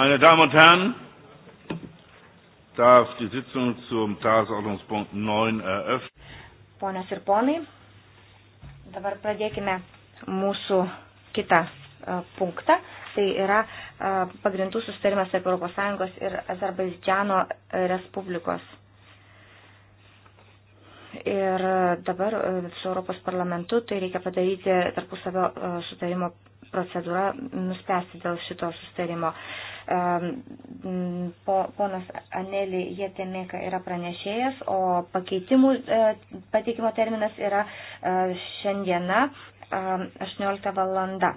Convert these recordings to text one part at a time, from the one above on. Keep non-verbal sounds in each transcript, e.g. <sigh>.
Meine Damen und Herren, darf die Sitzung zum Tagesordnungspunkt 9 eröffnen. Ponios ir ponai, dabar pradėkime mūsų kitą e, punktą. Tai yra e, pagrindų sustarimas tarp ES ir Azerbaidžiano Respublikos. Ir dabar e, su Europos parlamentu tai reikia padaryti tarpusavio sutarimo procedūra nuspręsti dėl šito sustarimo. Po, ponas Anelį Jėtemėka yra pranešėjas, o pakeitimų e, pateikimo terminas yra e, šiandiena 18 e, valanda.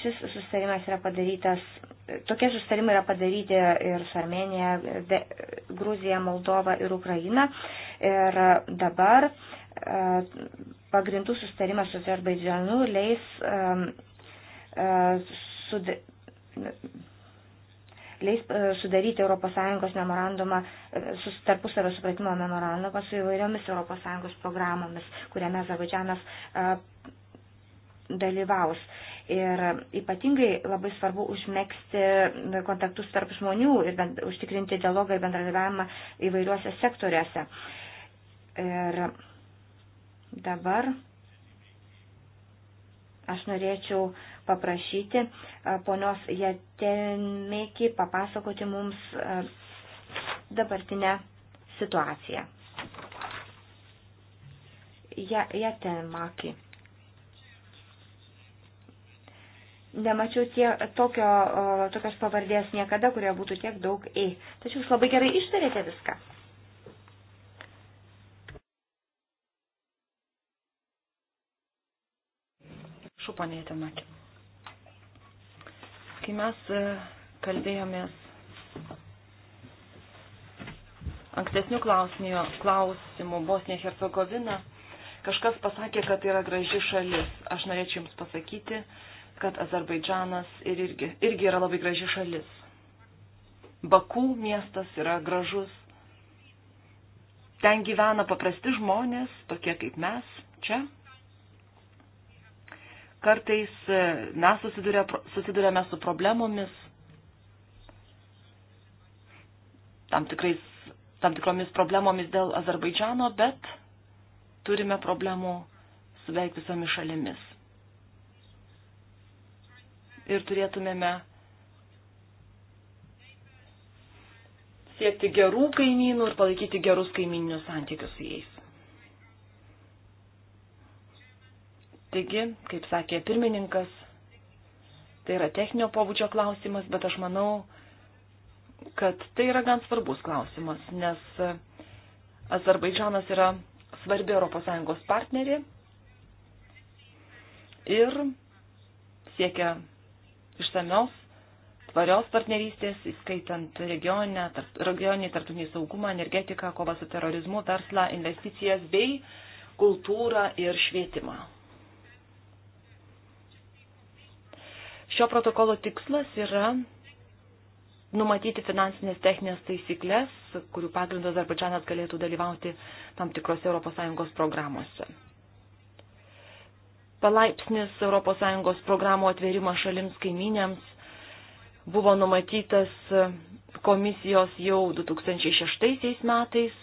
Šis sustarimas yra padarytas tokie sustarimai yra padaryti ir su Armenija, De, Gruzija, Moldova ir Ukraina. Ir dabar pagrindų sustarimas su Azerbaidžianu leis, um, uh, sude, leis uh, sudaryti ES memorandumą, uh, tarpusavio supratimo memorandumą su įvairiomis ES programomis, kuriame Azerbaidžianas uh, dalyvaus. Ir ypatingai labai svarbu užmėgsti kontaktus tarp žmonių ir bent, užtikrinti dialogą ir bendradarbiavimą įvairiuose sektoriuose. Ir Dabar aš norėčiau paprašyti ponios Jatemėki papasakoti mums dabartinę situaciją. Jatemaki. Nemačiau tie, tokio, tokios pavardės niekada, kurioje būtų tiek daug E. Tačiau jūs labai gerai ištarėte viską. Šupanėte Maki. Kai mes e, kalbėjomės ankstesnių klausimų, klausimų Bosnija Hercegovina, kažkas pasakė, kad tai yra graži šalis. Aš norėčiau Jums pasakyti, kad Azerbaidžanas ir irgi, irgi yra labai graži šalis. Bakų miestas yra gražus. Ten gyvena paprasti žmonės, tokie kaip mes, čia, Kartais e, mes susiduria, susidurėme su problemomis, tam, tikrais, tam tikromis problemomis dėl Azerbaidžiano, bet turime problemų su beveik visomis šalimis. Ir turėtumėme siekti gerų kaimynų ir palaikyti gerus kaiminius santykius su jais. Taigi, kaip sakė pirmininkas, tai yra techninio pobūdžio klausimas, bet aš manau, kad tai yra gan svarbus klausimas, nes Azerbaidžanas yra svarbi ES partnerė ir siekia išsamios, tvarios partnerystės, įskaitant regioninį, tarp, regioninį tarptautinį saugumą, energetiką, kovą su terorizmu, verslą, investicijas bei kultūrą ir švietimą. Šio protokolo tikslas yra numatyti finansinės techninės taisyklės, kurių pagrindu Azerbaidžanas galėtų dalyvauti tam tikrose ES programuose. Palaipsnis ES programų atverimas šalims kaiminėms buvo numatytas komisijos jau 2006 metais,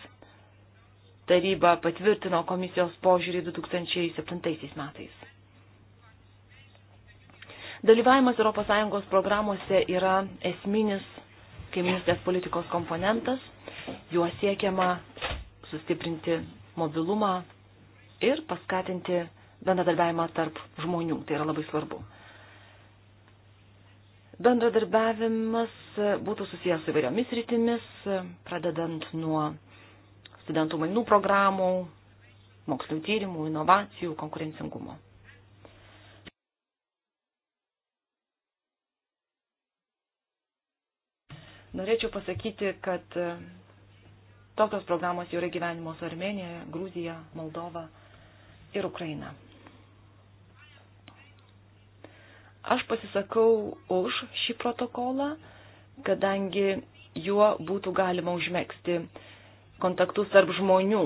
taryba patvirtino komisijos požiūrį 2007 metais. Dalyvavimas ES programuose yra esminis kaiminystės politikos komponentas, juo siekiama sustiprinti mobilumą ir paskatinti bendradarbiavimą tarp žmonių. Tai yra labai svarbu. Bendradarbiavimas būtų susijęs su įvairiomis rytimis, pradedant nuo studentų mainų programų, mokslių tyrimų, inovacijų, konkurencingumo. Norėčiau pasakyti, kad e, tokios programos jau yra gyvenimos Armenija, Gruzija, Moldova ir Ukraina. Aš pasisakau už šį protokolą, kadangi juo būtų galima užmėgsti kontaktus tarp žmonių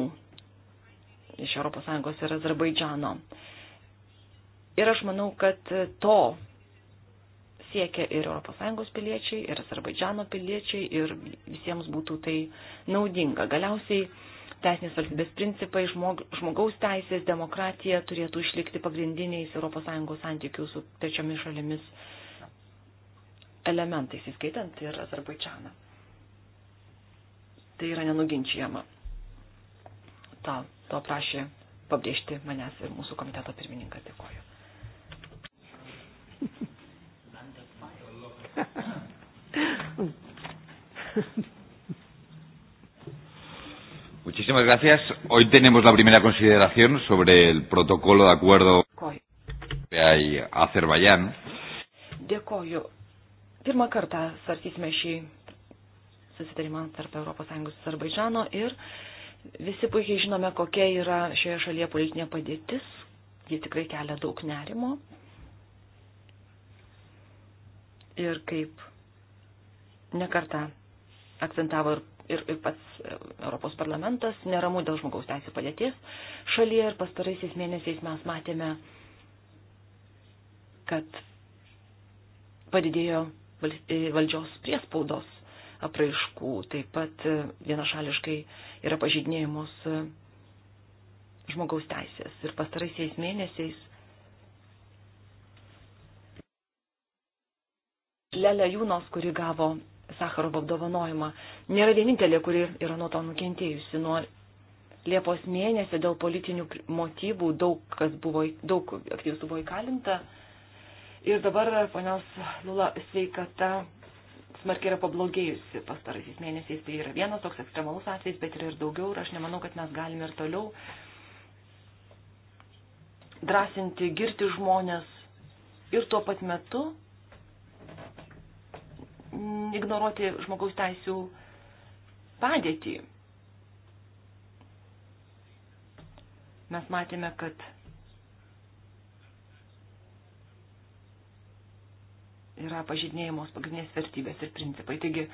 iš ES ir Azerbaidžano. Ir aš manau, kad to siekia ir ES piliečiai, ir Azerbaidžiano piliečiai, ir visiems būtų tai naudinga. Galiausiai teisinės valstybės principai, žmog, žmogaus teisės, demokratija turėtų išlikti pagrindiniais ES santykių su trečiomis šalimis elementais, įskaitant ir Azerbaidžaną. Tai yra nenuginčiama. Ta, to prašė pabrėžti manęs ir mūsų komiteto pirmininkas. Dėkoju. <laughs> Muchísimas gracias. Hoy tenemos la primera consideración sobre el protocolo de acuerdo y Azerbaiyán. Dėkoju. Pirmą kartą svarstysime šį susitarimą tarp ES ir Azerbaidžano ir visi puikiai žinome, kokia yra šioje šalyje politinė padėtis. Ji tikrai kelia daug nerimo, ir kaip nekarta akcentavo ir, ir, ir pats e, Europos parlamentas, neramu dėl žmogaus teisų padėties šalyje ir pastaraisiais mėnesiais mes matėme, kad padidėjo e, valdžios priespaudos apraiškų, taip pat e, vienašališkai yra pažydinėjimos žmogaus teisės. Ir pastaraisiais mėnesiais Lele Jūnos, kuri gavo Sakarovo apdovanojimą, nėra vienintelė, kuri yra nuo to nukentėjusi. Nuo Liepos mėnesio dėl politinių motyvų daug, kas buvo, daug aktyvistų buvo įkalinta. Ir dabar ponios Lula sveikata smarkiai yra pablogėjusi pastaraisiais mėnesiais. Tai yra vienas toks ekstremalus atvejis, bet yra ir daugiau. Ir aš nemanau, kad mes galime ir toliau drąsinti, girti žmonės ir tuo pat metu ignoruoti žmogaus teisų padėtį. Mes matėme, kad yra pažydinėjimos pagrindinės vertybės ir principai. Taigi,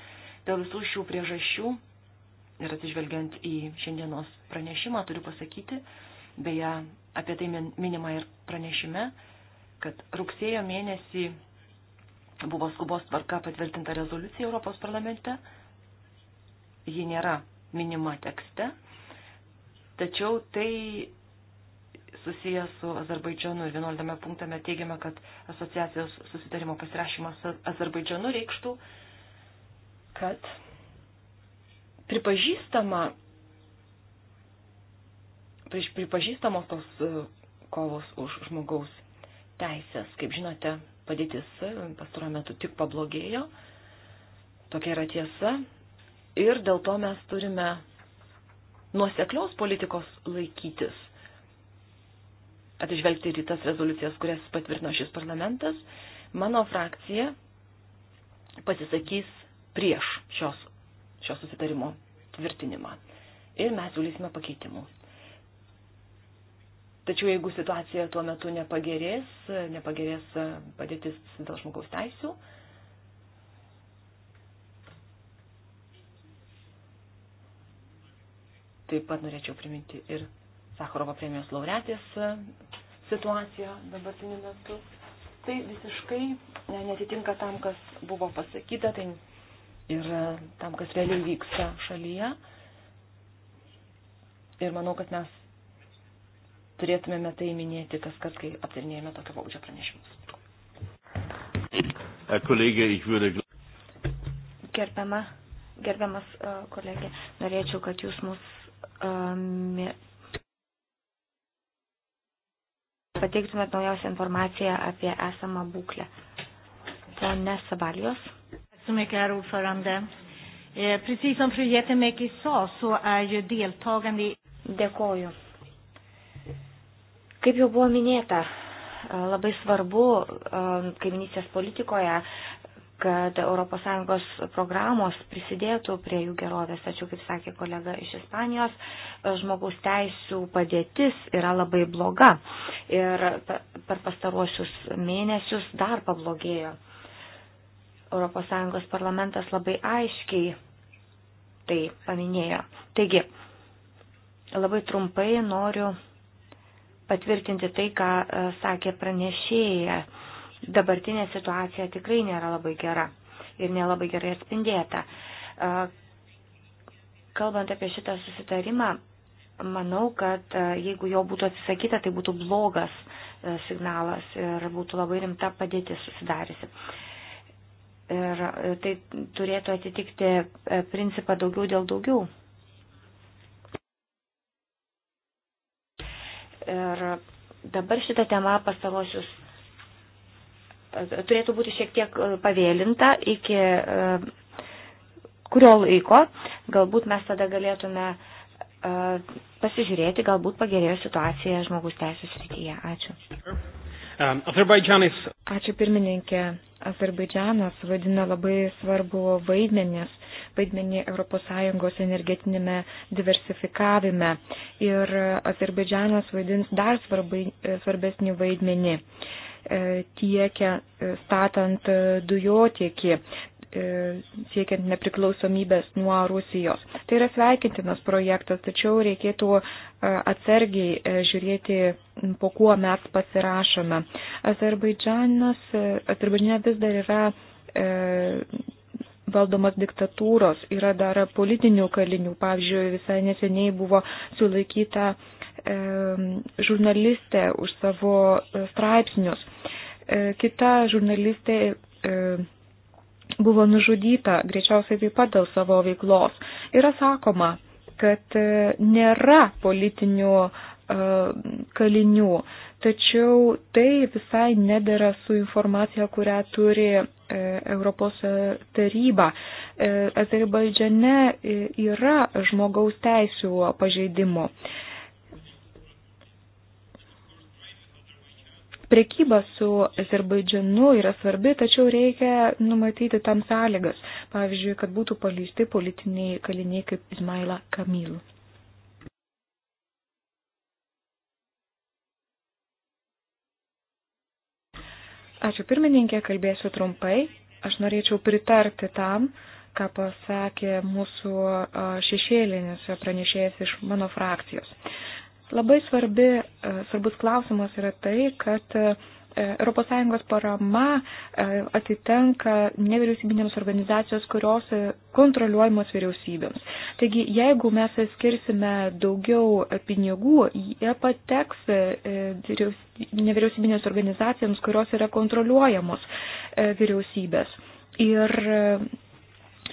dėl visų šių priežasčių ir atsižvelgiant į šiandienos pranešimą, turiu pasakyti, beje, apie tai minima ir pranešime, kad rugsėjo mėnesį Buvo skubos tvarka patvirtinta rezoliucija Europos parlamente. Ji nėra minima tekste. Tačiau tai susijęs su Azerbaidžianu ir 11 punktame teigiame, kad asociacijos susitarimo pasirašymas su Azerbaidžianu reikštų, kad pripažįstama, pripažįstamos tos e, kovos už žmogaus teisės. Kaip žinote, padėtis pastaruoju metu tik pablogėjo. Tokia yra tiesa. Ir dėl to mes turime nuoseklios politikos laikytis. Atižvelgti ir į tas rezoliucijas, kurias patvirtino šis parlamentas, mano frakcija pasisakys prieš šios, šios susitarimo tvirtinimą. Ir mes siūlysime pakeitimų. Tačiau jeigu situacija tuo metu nepagerės, nepagerės padėtis dėl žmogaus teisų, taip pat norėčiau priminti ir Sakharovo premijos laureatės situaciją dabartiniu metu. Tai visiškai netitinka tam, kas buvo pasakyta tai ir tam, kas realiai vyksta šalyje. Ir manau, kad mes turėtumėme tai minėti kas kart, kai aptarinėjame tokio paudžio pranešimus. Gerbiama, gerbiamas e, kolegė, norėčiau, kad jūs mus um, pateiktumėt naujausią informaciją apie esamą būklę. Pone Sabalijos. Så mycket, herr ordförande. Eh, precis som fru Jättemäki sa så är ju deltagande i... Dėkoju. Kaip jau buvo minėta, e, labai svarbu e, kaiminystės politikoje, kad ES programos prisidėtų prie jų gerovės. Tačiau, kaip sakė kolega iš Ispanijos, e, žmogaus teisų padėtis yra labai bloga ir per pastaruosius mėnesius dar pablogėjo. ES parlamentas labai aiškiai tai paminėjo. Taigi, labai trumpai noriu patvirtinti tai, ką e, sakė pranešėja. Dabartinė situacija tikrai nėra labai gera ir nelabai gerai atspindėta. E, kalbant apie šitą susitarimą, manau, kad e, jeigu jo būtų atsisakyta, tai būtų blogas signalas ir būtų labai rimta padėtis susidariusi. Ir tai turėtų atitikti principą daugiau dėl daugiau. Ir dabar šita tema pastarosius turėtų būti šiek tiek e, pavėlinta iki e, kurio laiko. Galbūt mes tada galėtume e, pasižiūrėti, galbūt pagerėjo situacija žmogus teisų srityje. Ačiū. Um, Azerbaidžianis. Ačiū pirmininkė. Azerbaidžianas vadina labai svarbu vaidmenis vaidmenį ES energetinėme diversifikavime ir Azerbaidžianas vaidins dar svarbai, svarbesnį vaidmenį e, tiekia, e, statant e, dujotiekį, siekiant nepriklausomybės nuo Rusijos. Tai yra sveikintinas projektas, tačiau reikėtų atsargiai žiūrėti, po kuo mes pasirašome. Azerbaidžanas, Azerbaidžane vis dar yra valdomos diktatūros, yra dar politinių kalinių. Pavyzdžiui, visai neseniai buvo sulaikyta e, žurnalistė už savo e, straipsnius. E, kita žurnalistė e, buvo nužudyta, greičiausiai taip pat dėl savo veiklos. Yra sakoma, kad e, nėra politinių E, kalinių. Tačiau tai visai nedėra su informacija, kurią turi e, Europos taryba. E, Azerbaidžiane yra žmogaus teisų pažeidimų. Prekyba su Azerbaidžianu yra svarbi, tačiau reikia numatyti tam sąlygas. Pavyzdžiui, kad būtų paleisti politiniai kaliniai kaip Izmaila Kamilu. Ačiū pirmininkė, kalbėsiu trumpai. Aš norėčiau pritarti tam, ką pasakė mūsų šešėlinis pranešėjas iš mano frakcijos. Labai svarbi, svarbus klausimas yra tai, kad ES parama e, atitenka nevyriausybinėms organizacijos, kurios e, kontroliuojamos vyriausybėms. Taigi, jeigu mes skirsime daugiau pinigų, jie pateks e, nevyriausybinės organizacijoms, kurios yra kontroliuojamos vyriausybės. Ir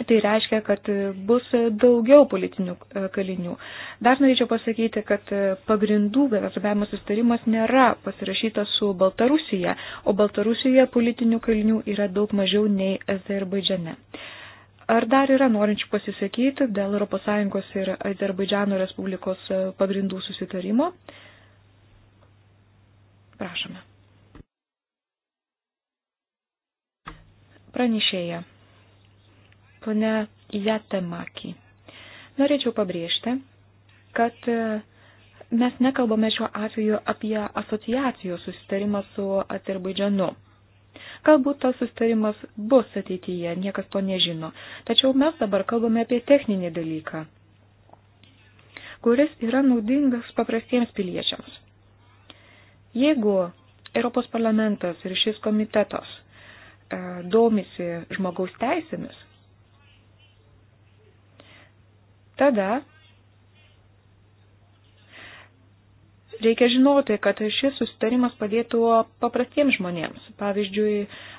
Tai reiškia, kad bus daugiau politinių e, kalinių. Dar norėčiau pasakyti, kad e, pagrindų bendradarbiavimo sustarimas nėra pasirašytas su Baltarusija, o Baltarusijoje politinių kalinių yra daug mažiau nei Azerbaidžiane. Ar dar yra norinčių pasisakyti dėl ES ir Azerbaidžiano Respublikos e, pagrindų susitarimo? Prašome. Pranešėja pone Jatemaki. Norėčiau pabrėžti, kad e, mes nekalbame šiuo atveju apie asociacijos susitarimą su Azerbaidžanu. Galbūt tas sustarimas bus ateityje, niekas to nežino. Tačiau mes dabar kalbame apie techninį dalyką, kuris yra naudingas paprastiems piliečiams. Jeigu Europos parlamentas ir šis komitetas e, domisi žmogaus teisėmis, Tada reikia žinoti, kad šis sustarimas padėtų paprastiems žmonėms. Pavyzdžiui,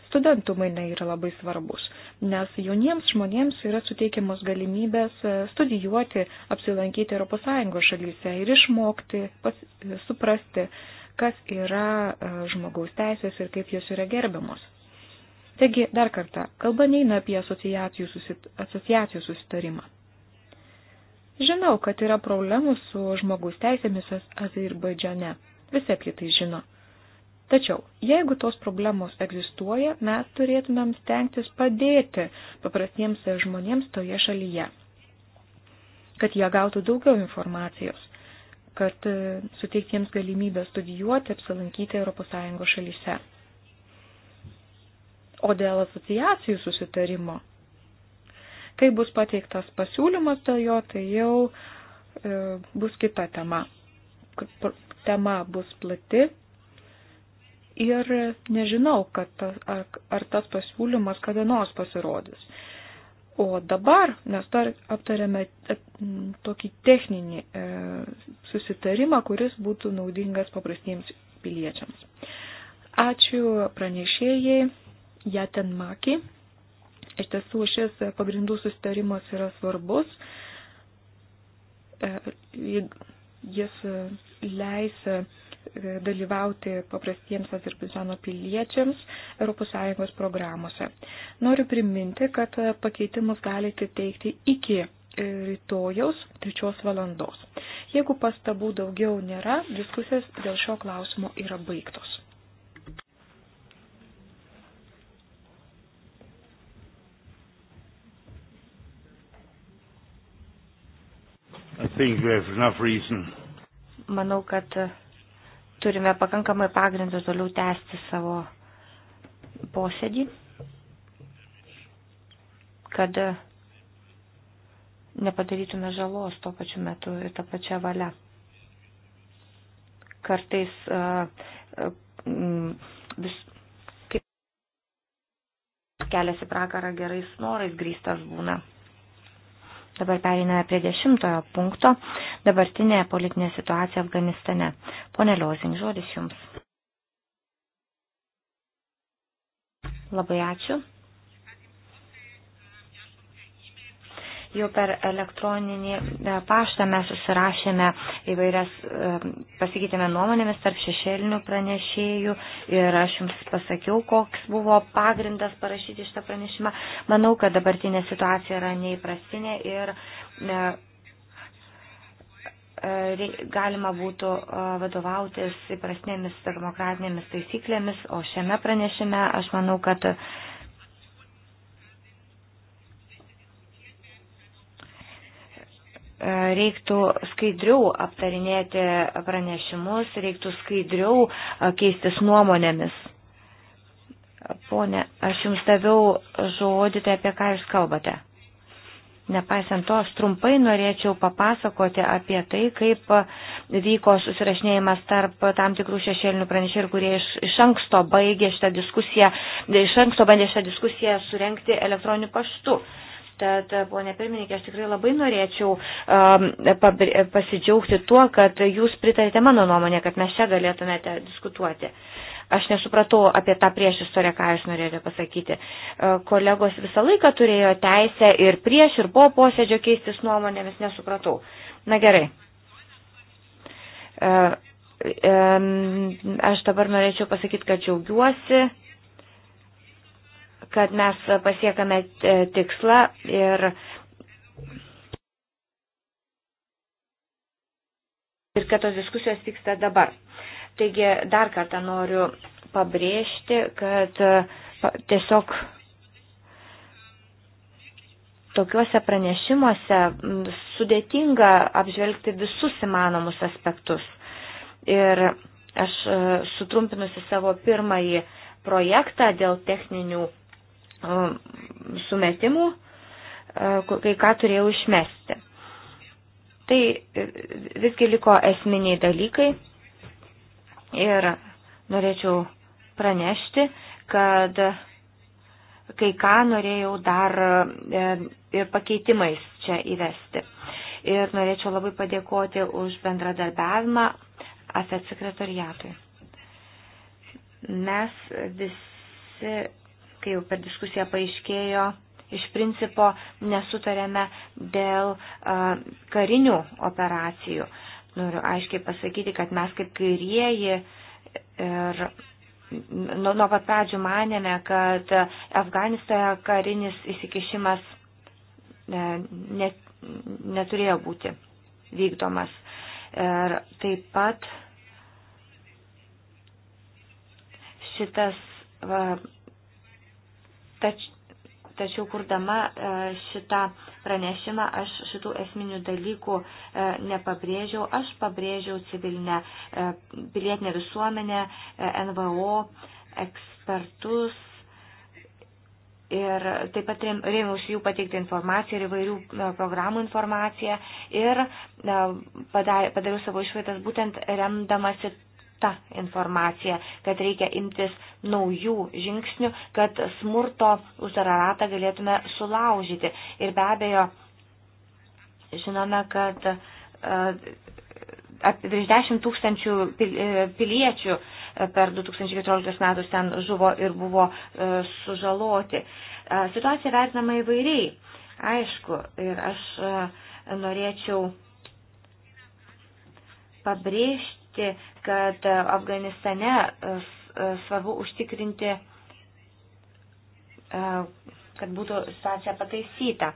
studentų mainai yra labai svarbus, nes jauniems žmonėms yra suteikiamos galimybės studijuoti, apsilankyti ES šalyse ir išmokti, pas, suprasti, kas yra e, žmogaus teisės ir kaip jos yra gerbiamos. Taigi, dar kartą, kalba neina apie asociacijų, susit, asociacijų susitarimą. Žinau, kad yra problemų su žmogaus teisėmis Azerbaidžiane. Visi apie tai žino. Tačiau, jeigu tos problemos egzistuoja, mes turėtumėm stengtis padėti paprastiems žmonėms toje šalyje, kad jie gautų daugiau informacijos, kad e, suteikti jiems galimybę studijuoti, apsilankyti ES šalyse. O dėl asociacijų susitarimo Kai bus pateiktas pasiūlymas dėl jo, tai jau e, bus kita tema. Tema bus plati ir nežinau, tas, ar, ar tas pasiūlymas kada nors pasirodys. O dabar mes dar aptarėme e, tokį techninį e, susitarimą, kuris būtų naudingas paprastiems piliečiams. Ačiū pranešėjai Jaten Maki. Iš tiesų šis pagrindų sustarimas yra svarbus. E, jis leis e, dalyvauti paprastiems Azerbaidžano piliečiams ES programuose. Noriu priminti, kad pakeitimus galite teikti iki e, rytojaus 3 valandos. Jeigu pastabų daugiau nėra, diskusijos dėl šio klausimo yra baigtos. Manau, kad e, turime pakankamai pagrindų toliau tęsti savo posėdį, kad e, nepadarytume žalos tuo pačiu metu ir tą pačią valią. Kartais e, vis kaip kelias į prakarą gerais norais grįstas būna. Dabar periname prie dešimtojo punkto - dabartinė politinė situacija Afganistane. Pone Liozing, žodis Jums. Labai ačiū. Jau per elektroninį e, paštą mes susirašėme įvairias, e, pasikeitėme nuomonėmis tarp šešėlinių pranešėjų ir aš jums pasakiau, koks buvo pagrindas parašyti šitą pranešimą. Manau, kad dabartinė situacija yra neįprastinė ir e, galima būtų vadovautis įprasnėmis demokratinėmis taisyklėmis, o šiame pranešime aš manau, kad reiktų skaidriau aptarinėti pranešimus, reiktų skaidriau keistis nuomonėmis. Pone, aš jums daviau žodį, tai apie ką jūs kalbate. Nepaisant to, aš trumpai norėčiau papasakoti apie tai, kaip vyko susirašinėjimas tarp tam tikrų šešėlinių pranešėjų, kurie iš, iš anksto baigė šitą diskusiją, iš anksto bandė šitą diskusiją surenkti elektroniniu paštu. Uh, Tad, ponė pirmininkė, aš tikrai labai norėčiau um, pasidžiaugti tuo, kad jūs pritarėte mano nuomonė, kad mes čia galėtumėte diskutuoti. Aš nesupratau apie tą priešistorę, ką jūs norėjote pasakyti. Uh, kolegos visą laiką turėjo teisę ir prieš, ir po posėdžio keistis nuomonėmis, nesupratau. Na gerai. Uh, um, aš dabar norėčiau pasakyti, kad džiaugiuosi kad mes pasiekame e, tikslą ir ir kad tos diskusijos vyksta dabar. Taigi dar kartą noriu pabrėžti, kad e, tiesiog tokiuose pranešimuose sudėtinga apžvelgti visus įmanomus aspektus. Ir aš e, sutrumpinusi savo pirmąjį projektą dėl techninių sumetimų, kai ką turėjau išmesti. Tai e, visgi liko esminiai dalykai ir norėčiau pranešti, kad kai ką norėjau dar e, ir pakeitimais čia įvesti. Ir norėčiau labai padėkoti už bendradarbiavimą AFET sekretariatui. Mes visi kaip jau per diskusiją paaiškėjo, iš principo nesutarėme dėl karinių operacijų. Noriu aiškiai pasakyti, kad mes kaip kairieji ir nuo, nuo pat pradžių manėme, kad Afganistane karinis įsikišimas e, net, neturėjo būti vykdomas. Ir taip pat šitas Tač, tačiau kurdama e, šitą pranešimą aš šitų esminių dalykų e, nepabrėžiau. Aš pabrėžiau civilinę e, pilietinę visuomenę, NVO, ekspertus ir taip pat rėmiausi jų pateiktą informaciją ir įvairių programų informaciją ir padariau savo išvaitas būtent remdamasi ta informacija, kad reikia imtis naujų žingsnių, kad smurto uždarą ratą galėtume sulaužyti. Ir be abejo, žinome, kad e, virš 10 tūkstančių e, piliečių e, per 2014 metus ten žuvo ir buvo sužaloti. Situacija vertinama įvairiai. Aišku, ir aš norėčiau pabrėžti, pripažinti, kad Afganistane e, e, svarbu užtikrinti, e, kad būtų situacija pataisyta.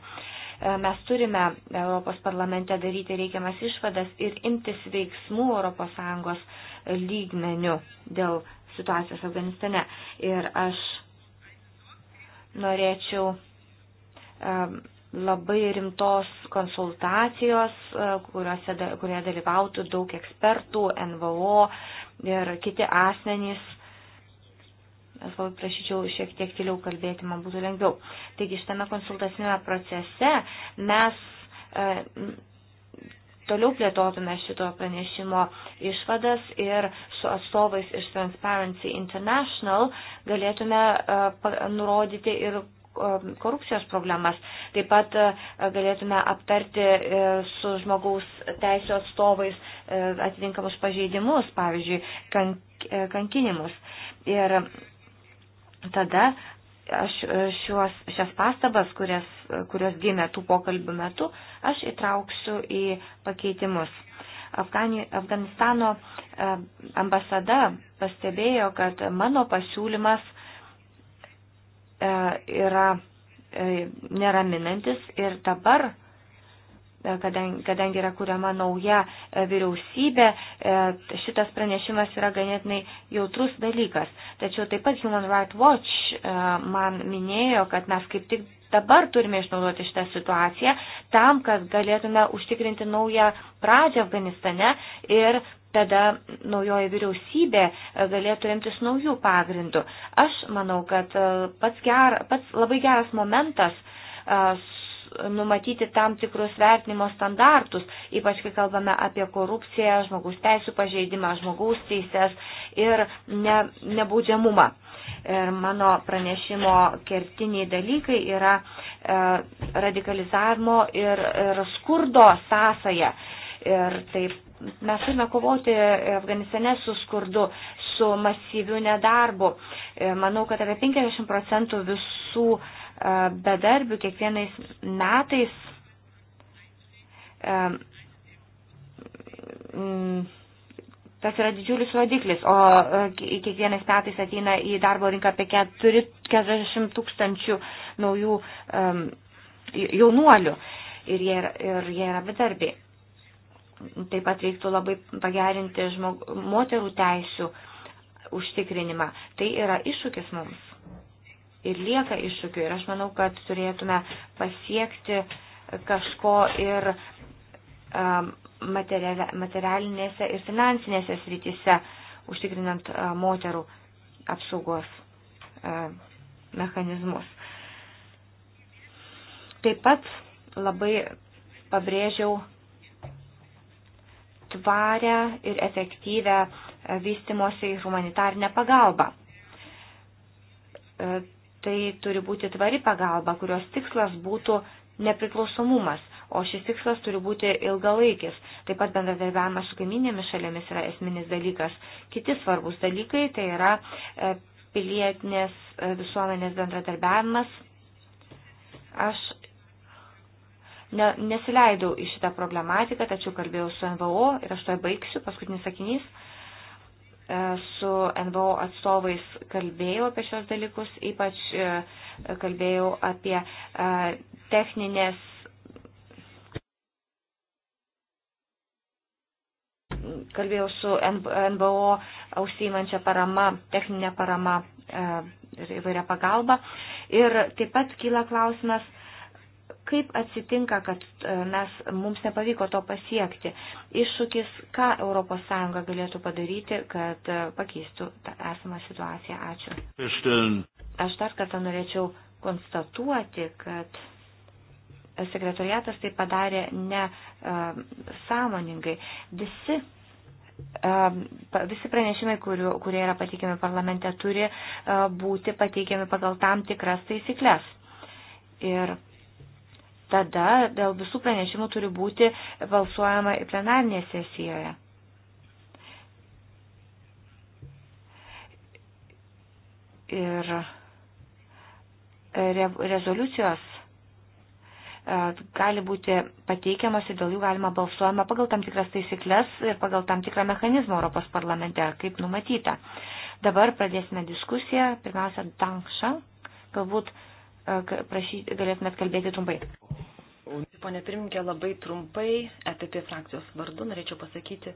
Mes turime Europos parlamente daryti reikiamas išvadas ir imtis veiksmų ES lygmenių dėl situacijos Afganistane. Ir aš norėčiau labai rimtos konsultacijos, e, kuriuose, kurioje dalyvautų daug ekspertų, NVO ir kiti asmenys. Aš labai prašyčiau šiek tiek tiliau kalbėti, man būtų lengviau. Taigi šitame konsultacinėme procese mes e, toliau plėtotume šito pranešimo išvadas ir su atstovais iš Transparency International galėtume e, nurodyti ir Um, korupcijos problemas. Taip pat uh, galėtume aptarti uh, su žmogaus teisų atstovais uh, atitinkamus pažeidimus, pavyzdžiui, kankinimus. Ir tada aš šios, šias pastabas, kurias, kurios gimė tų pokalbių metu, aš įtrauksiu į pakeitimus. Afgani, Afganistano ambasada pastebėjo, kad mano pasiūlymas E, yra e, neraminantis ir dabar, e, kadangi, kadangi yra kuriama nauja vyriausybė, šitas pranešimas yra ganėtinai jautrus dalykas. Tačiau taip pat Human Rights Watch man minėjo, kad mes kaip tik dabar turime išnaudoti šitą situaciją tam, kad galėtume užtikrinti naują pradžią Afganistane ir tada naujoji vyriausybė e, galėtų remtis naujų pagrindų. Aš manau, kad e, pats, ger, pats labai geras momentas e, numatyti tam tikrus vertinimo standartus, ypač kai kalbame apie korupciją, žmogaus teisų pažeidimą, žmogaus teises ir ne, nebaudžiamumą. Ir mano pranešimo kertiniai dalykai yra e, radikalizavimo ir, ir skurdo sąsaja. Ir taip mes turime kovoti Afganistane su skurdu, su masyviu nedarbu. E, manau, kad apie 50 procentų visų e, bedarbių kiekvienais metais e, tas yra didžiulis rodiklis, o kiekvienais metais ateina į darbo rinką apie 40 tūkstančių naujų jaunuolių ir jie, ir jie yra bedarbiai. Taip pat reiktų labai pagerinti žmog, moterų teisių užtikrinimą. Tai yra iššūkis mums. Ir lieka iššūkių. Ir aš manau, kad turėtume pasiekti kažko ir um, materialinėse ir finansinėse srityse, užtikrinant uh, moterų apsaugos uh, mechanizmus. Taip pat labai pabrėžiau tvarę ir efektyvę e, vystimosi humanitarnę pagalbą. E, tai turi būti tvari pagalba, kurios tikslas būtų nepriklausomumas, o šis tikslas turi būti ilgalaikis. Taip pat bendradarbiavimas su kaiminėmis šalėmis yra esminis dalykas. Kiti svarbus dalykai tai yra e, pilietinės visuomenės bendradarbiavimas. Aš ne, nesileidau į šitą problematiką, tačiau kalbėjau su NVO ir aš to baigsiu, paskutinis sakinys. E, su NVO atstovais kalbėjau apie šios dalykus, ypač e, kalbėjau apie e, techninės kalbėjau su NBO užsiimančia parama, techninė parama ir įvairia pagalba. Ir taip pat kyla klausimas, kaip atsitinka, kad e, mes, mums nepavyko to pasiekti. Iššūkis, ką ES galėtų padaryti, kad e, pakeistų tą esamą situaciją. Ačiū. Aš dar kartą norėčiau konstatuoti, kad sekretoriatas tai padarė ne uh, sąmoningai. Visi visi pranešimai, kurių, kurie yra pateikiami parlamente, turi būti pateikiami pagal tam tikras taisyklės. Ir tada dėl visų pranešimų turi būti balsuojama į plenarinėje sesijoje. Ir re, rezoliucijos e, gali būti pateikiamas ir dėl jų galima balsuojama pagal tam tikras taisyklės ir pagal tam tikrą mechanizmą Europos parlamente, kaip numatyta. Dabar pradėsime diskusiją. Pirmiausia, Dankša. Galbūt e, prašyti, galėtumėt kalbėti trumpai. Pone pirmininkė, labai trumpai EPP frakcijos vardu norėčiau pasakyti,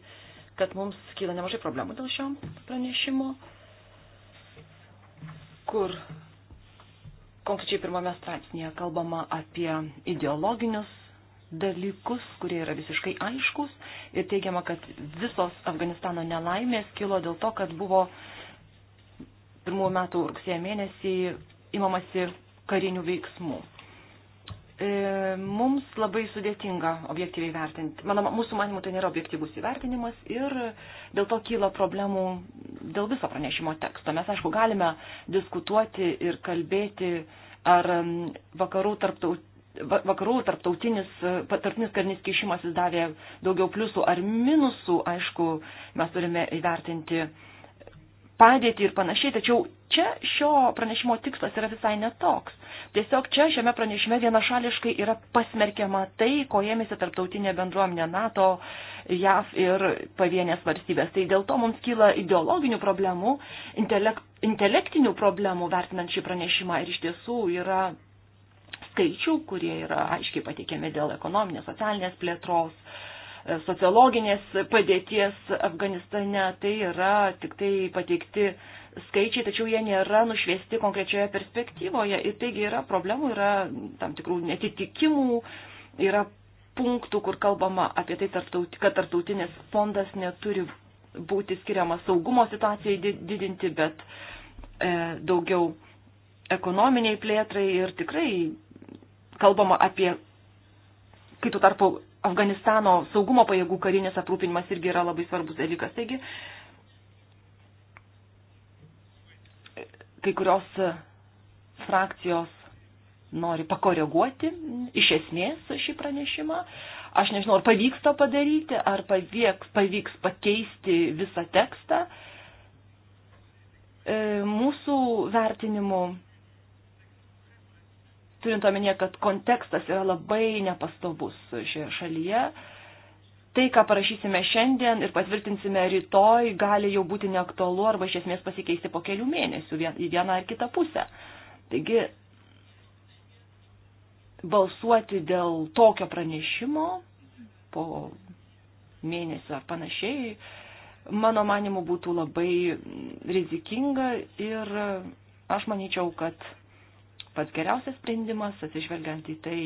kad mums kyla nemažai problemų dėl šio pranešimo, kur konkrečiai pirmame straipsnėje kalbama apie ideologinius dalykus, kurie yra visiškai aiškus ir teigiama, kad visos Afganistano nelaimės kilo dėl to, kad buvo pirmų metų rugsėjo mėnesį imamasi karinių veiksmų. E, mums labai sudėtinga objektyviai vertinti. Mano, mūsų manimų tai nėra objektyvus įvertinimas ir dėl to kyla problemų dėl viso pranešimo teksto. Mes, aišku, galime diskutuoti ir kalbėti, ar vakarų, tarptaut, vakarų tarptautinis, tarptautinis karinis kišimasis davė daugiau pliusų ar minusų. Aišku, mes turime įvertinti padėtį ir panašiai, tačiau Čia šio pranešimo tikslas yra visai netoks. Tiesiog čia šiame pranešime vienašališkai yra pasmerkiama tai, ko ėmėsi tarptautinė bendruomenė NATO, JAV ir pavienės valstybės. Tai dėl to mums kyla ideologinių problemų, intelekt, intelektinių problemų vertinant šį pranešimą ir iš tiesų yra skaičių, kurie yra aiškiai pateikiami dėl ekonominės, socialinės plėtros e, sociologinės padėties Afganistane, tai yra tik tai pateikti skaičiai, tačiau jie nėra nušviesti konkrečioje perspektyvoje. Ir taigi yra problemų, yra tam tikrų netitikimų, yra punktų, kur kalbama apie tai, kad tarptautinis fondas neturi būti skiriamas saugumo situacijai didinti, bet e, daugiau ekonominiai plėtrai ir tikrai kalbama apie, kai tu tarpu Afganistano saugumo pajėgų karinės aprūpinimas irgi yra labai svarbus dalykas. Taigi kai kurios e, frakcijos nori pakoreguoti iš esmės šį pranešimą. Aš nežinau, ar pavyks to padaryti, ar pavyks, pavyks pakeisti visą tekstą. E, mūsų vertinimu, turint omenyje, kad kontekstas yra labai nepastovus šioje šalyje, tai, ką parašysime šiandien ir patvirtinsime rytoj, gali jau būti neaktualu arba iš esmės pasikeisti po kelių mėnesių į vieną ar kitą pusę. Taigi balsuoti dėl tokio pranešimo po mėnesio ar panašiai, mano manimu būtų labai rizikinga ir aš manyčiau, kad pats geriausias sprendimas, atsižvelgiant į tai,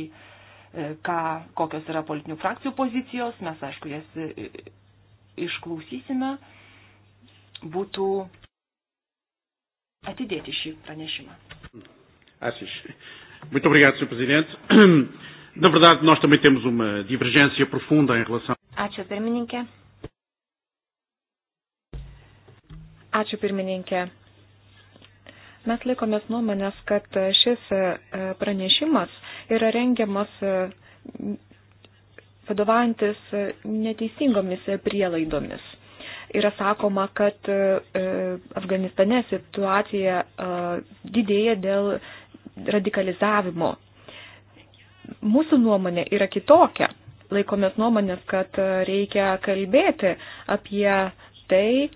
E, ką, kokios yra politinių frakcijų pozicijos, mes aišku jas e, e, išklausysime, būtų atidėti šį pranešimą. Assis. Muito obrigado, Sr. Presidente. <clears throat> Na verdade, nós também temos uma divergência profunda em relação. Ačiū pirmininkė. Ačiū pirmininkė. Mes laikomės nuomonės, kad šis pranešimas yra rengiamas e, vadovantis neteisingomis prielaidomis. Yra sakoma, kad e, e, Afganistane situacija didėja dėl radikalizavimo. Mūsų nuomonė yra kitokia. Laikomės nuomonės, kad reikia kalbėti apie tai,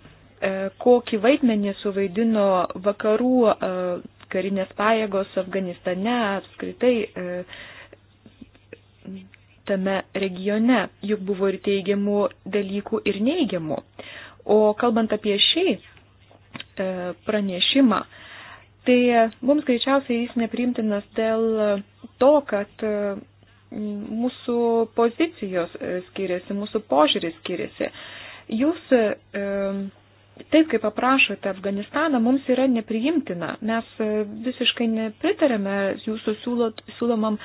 kokį vaidmenį suvaidino vakarų karinės pajėgos Afganistane, apskritai e, tame regione, juk buvo ir teigiamų dalykų, ir neigiamų. O kalbant apie šį e, pranešimą, tai mums greičiausiai jis neprimtinas dėl to, kad e, mūsų pozicijos skiriasi, mūsų požiūris skiriasi. Jūs taip, kaip aprašote Afganistaną, mums yra nepriimtina. Mes e, visiškai nepritarėme jūsų siūlot, siūlomam e,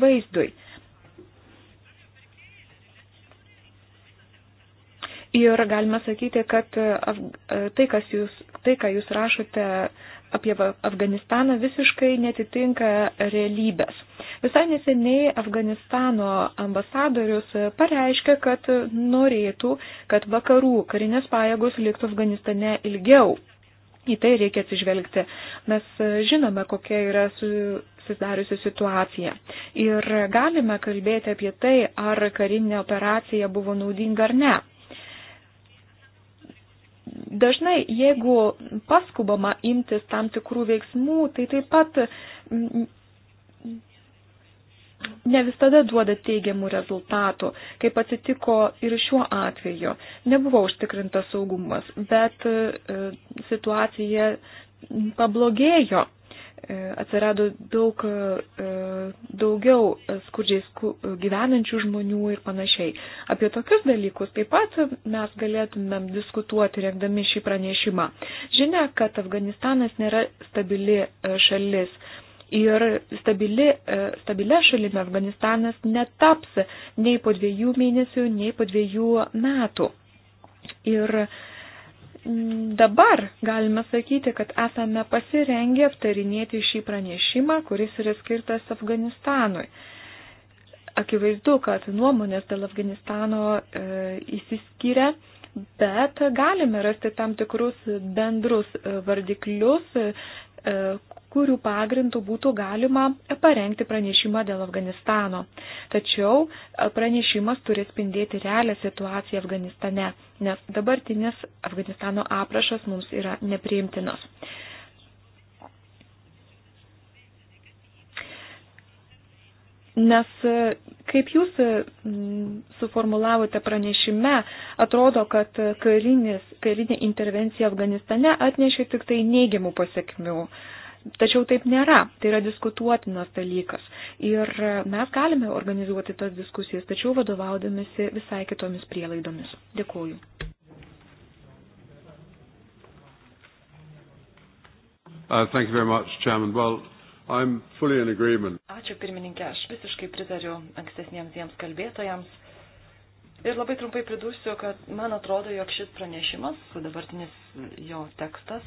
vaizdui. Ir galime sakyti, kad e, e, tai, jūs, tai ką jūs rašote apie Afganistaną visiškai netitinka realybės. Visai neseniai Afganistano ambasadorius pareiškė, kad norėtų, kad vakarų karinės pajėgos liktų Afganistane ilgiau. Į tai reikia atsižvelgti. Mes žinome, kokia yra susidariusi situacija. Ir galime kalbėti apie tai, ar karinė operacija buvo naudinga ar ne dažnai, jeigu paskubama imtis tam tikrų veiksmų, tai taip pat mm, mm, ne visada duoda teigiamų rezultatų, kaip atsitiko ir šiuo atveju. Nebuvo užtikrintas saugumas, bet e, situacija pablogėjo. E, atsirado daug e, daugiau skurdžiai sku, gyvenančių žmonių ir panašiai. Apie tokius dalykus taip pat mes galėtumėm diskutuoti rengdami šį pranešimą. Žinia, kad Afganistanas nėra stabili e, šalis. Ir stabili, stabilia šalimi Afganistanas netaps nei po dviejų mėnesių, nei po dviejų metų. Ir uh, dabar galime sakyti, kad esame pasirengę aptarinėti šį pranešimą, kuris yra skirtas Afganistanui. Akivaizdu, kad nuomonės dėl Afganistano e, įsiskiria, bet galime rasti tam tikrus bendrus e, vardiklius, e, kurių pagrindų būtų galima parengti pranešimą dėl Afganistano. Tačiau e, pranešimas turi spindėti realią situaciją Afganistane, nes dabartinis Afganistano aprašas mums yra nepriimtinas. Nes e, kaip jūs e, suformulavote pranešime, atrodo, kad karinis, karinė intervencija Afganistane atnešė tik tai neigiamų pasiekmių. Uh, Tačiau taip nėra, tai yra diskutuotinas dalykas. Ir mes galime organizuoti tas diskusijas, tačiau vadovaudamėsi visai kitomis prielaidomis. Dėkuoju. Uh, thank you very much, Chairman. Well, I'm fully in agreement. Ačiū pirmininkė, aš visiškai pritariu ankstesniems jiems kalbėtojams. Ir labai trumpai pridursiu, kad man atrodo, jog šis pranešimas, dabartinis jo tekstas,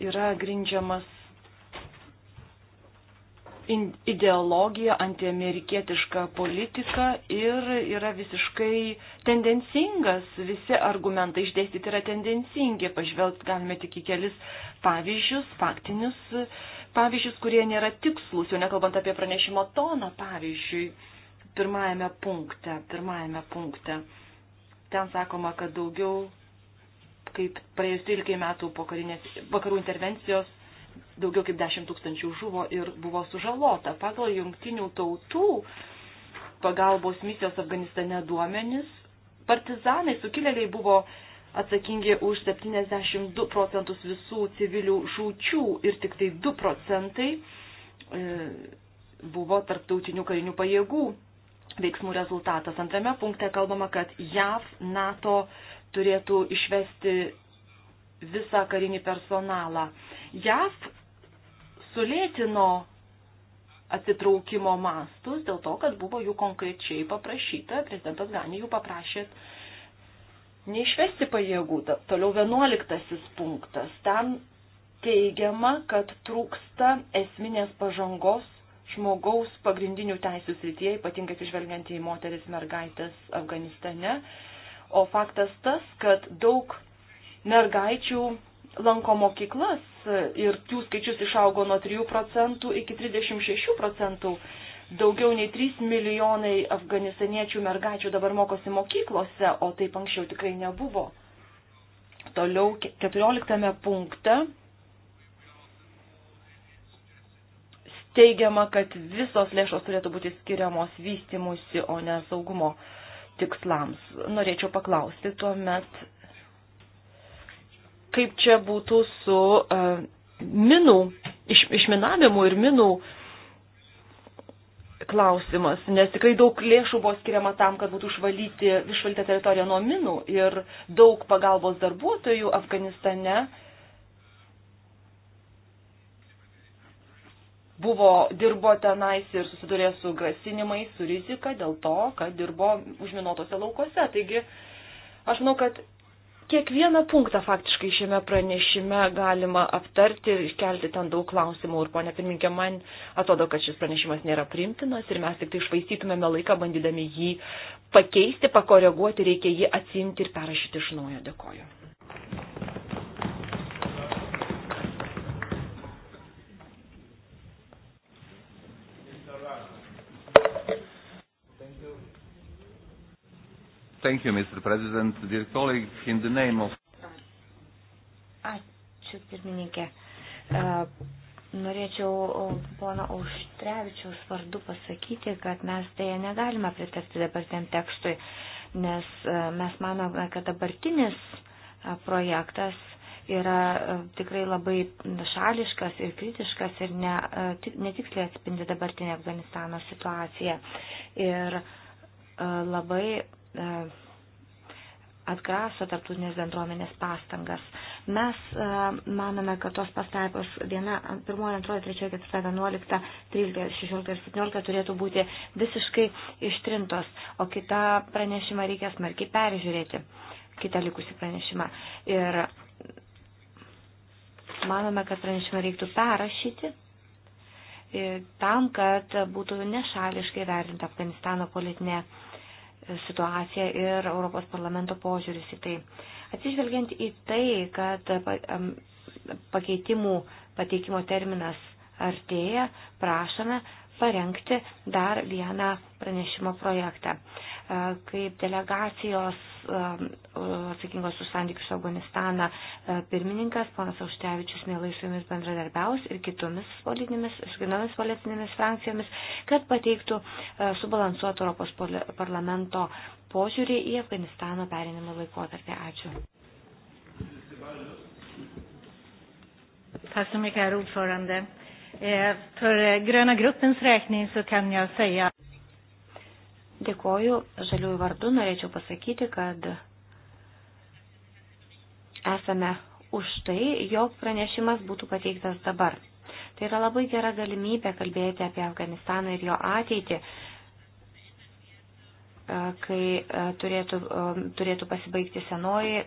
yra grindžiamas ideologija, antiamerikietiška politika ir yra visiškai tendencingas, visi argumentai išdėstyti yra tendencingi, pažvelgti galime tik į kelis pavyzdžius, faktinius pavyzdžius, kurie nėra tikslus, jau nekalbant apie pranešimo toną, pavyzdžiui, pirmajame punkte, pirmajame punkte. Ten sakoma, kad daugiau kaip praėjus 13 metų po karinės, vakarų intervencijos daugiau kaip 10 tūkstančių žuvo ir buvo sužalota. Pagal jungtinių tautų pagalbos misijos Afganistane duomenis, partizanai, sukilėliai buvo atsakingi už 72 procentus visų civilių žūčių ir tik tai 2 procentai e, buvo tarptautinių karinių pajėgų veiksmų rezultatas. Antrame punkte kalbama, kad JAV, NATO, e, turėtų išvesti visą karinį personalą. JAV sulėtino atsitraukimo mastus dėl to, kad buvo jų konkrečiai paprašyta, prezidentas Gani jų paprašė neišvesti pajėgų. Toliau vienuoliktasis punktas. Ten teigiama, kad trūksta esminės pažangos žmogaus pagrindinių teisų srityje, ypatingai atsižvelgiant į moteris mergaitės Afganistane. O faktas tas, kad daug mergaičių lanko mokyklas ir jų skaičius išaugo nuo 3 procentų iki 36 procentų. Daugiau nei 3 milijonai afganistaniečių mergaičių dabar mokosi mokyklose, o taip anksčiau tikrai nebuvo. Toliau 14 punkte teigiama, kad visos lėšos turėtų būti skiriamos vystimusi, o ne saugumo uh, tikslams. Norėčiau paklausti tuomet, kaip čia būtų su uh, minų, iš, išminavimu ir minų klausimas, nes tikrai daug lėšų buvo skiriama tam, kad būtų išvalyti, išvalyta teritorija nuo minų ir daug pagalbos darbuotojų Afganistane uh, buvo, dirbo tenais ir susidurė su grasinimais, su rizika dėl to, kad dirbo užminuotose laukose. Taigi, aš manau, kad kiekvieną punktą faktiškai šiame pranešime galima aptarti ir iškelti ten daug klausimų. Ir, ponė pirminkė, man atrodo, kad šis pranešimas nėra primtinas ir mes tik tai išvaistytumėme laiką, bandydami jį pakeisti, pakoreguoti, reikia jį atsimti ir perrašyti iš naujo. Dėkoju. Thank you, Mr. President. Dear colleagues, in the name of. Ačiū, pirmininkė. Norėčiau pono Auštrevičiaus vardu pasakyti, kad mes tai negalime pritarti dabartiniam tekstui, nes mes manome, kad dabartinis projektas yra tikrai labai šališkas ir kritiškas ir ne, netiksliai atspindi dabartinę Afganistano situaciją. Ir labai E, atgraso tarptautinės bendruomenės pastangas. Mes e, manome, kad tos pastraipos 1, 1, 2, 3, 4, 11, 13, 16 ir 17 turėtų būti visiškai ištrintos, o kitą pranešimą reikia smarkiai peržiūrėti, kitą likusį pranešimą. Ir manome, kad pranešimą reiktų perrašyti e, tam, kad būtų nešališkai vertinta Afganistano politinė situaciją ir Europos parlamento požiūris į tai. Atsižvelgiant į tai, kad pakeitimų pateikimo terminas artėja, prašome parengti dar vieną pranešimo projektą. E, kaip delegacijos e, atsakingos už santykius Afganistaną e, pirmininkas, ponas Auštevičius, mielai su jumis bendradarbiaus ir kitomis politinėmis, su kitomis politinėmis frakcijomis, kad pateiktų subalansuotų Europos parlamento požiūrį į Afganistano perinimo laikotarpį. Ačiū. Tack så mycket, herr ordförande. Eh, för eh, Gröna gruppens räkning så kan jag säga Dėkoju žaliųjų vardu, norėčiau pasakyti, kad esame už tai, jog pranešimas būtų pateiktas dabar. Tai yra labai gera galimybė kalbėti apie Afganistaną ir jo ateitį, e, kai e, turėtų, e, turėtų pasibaigti senoji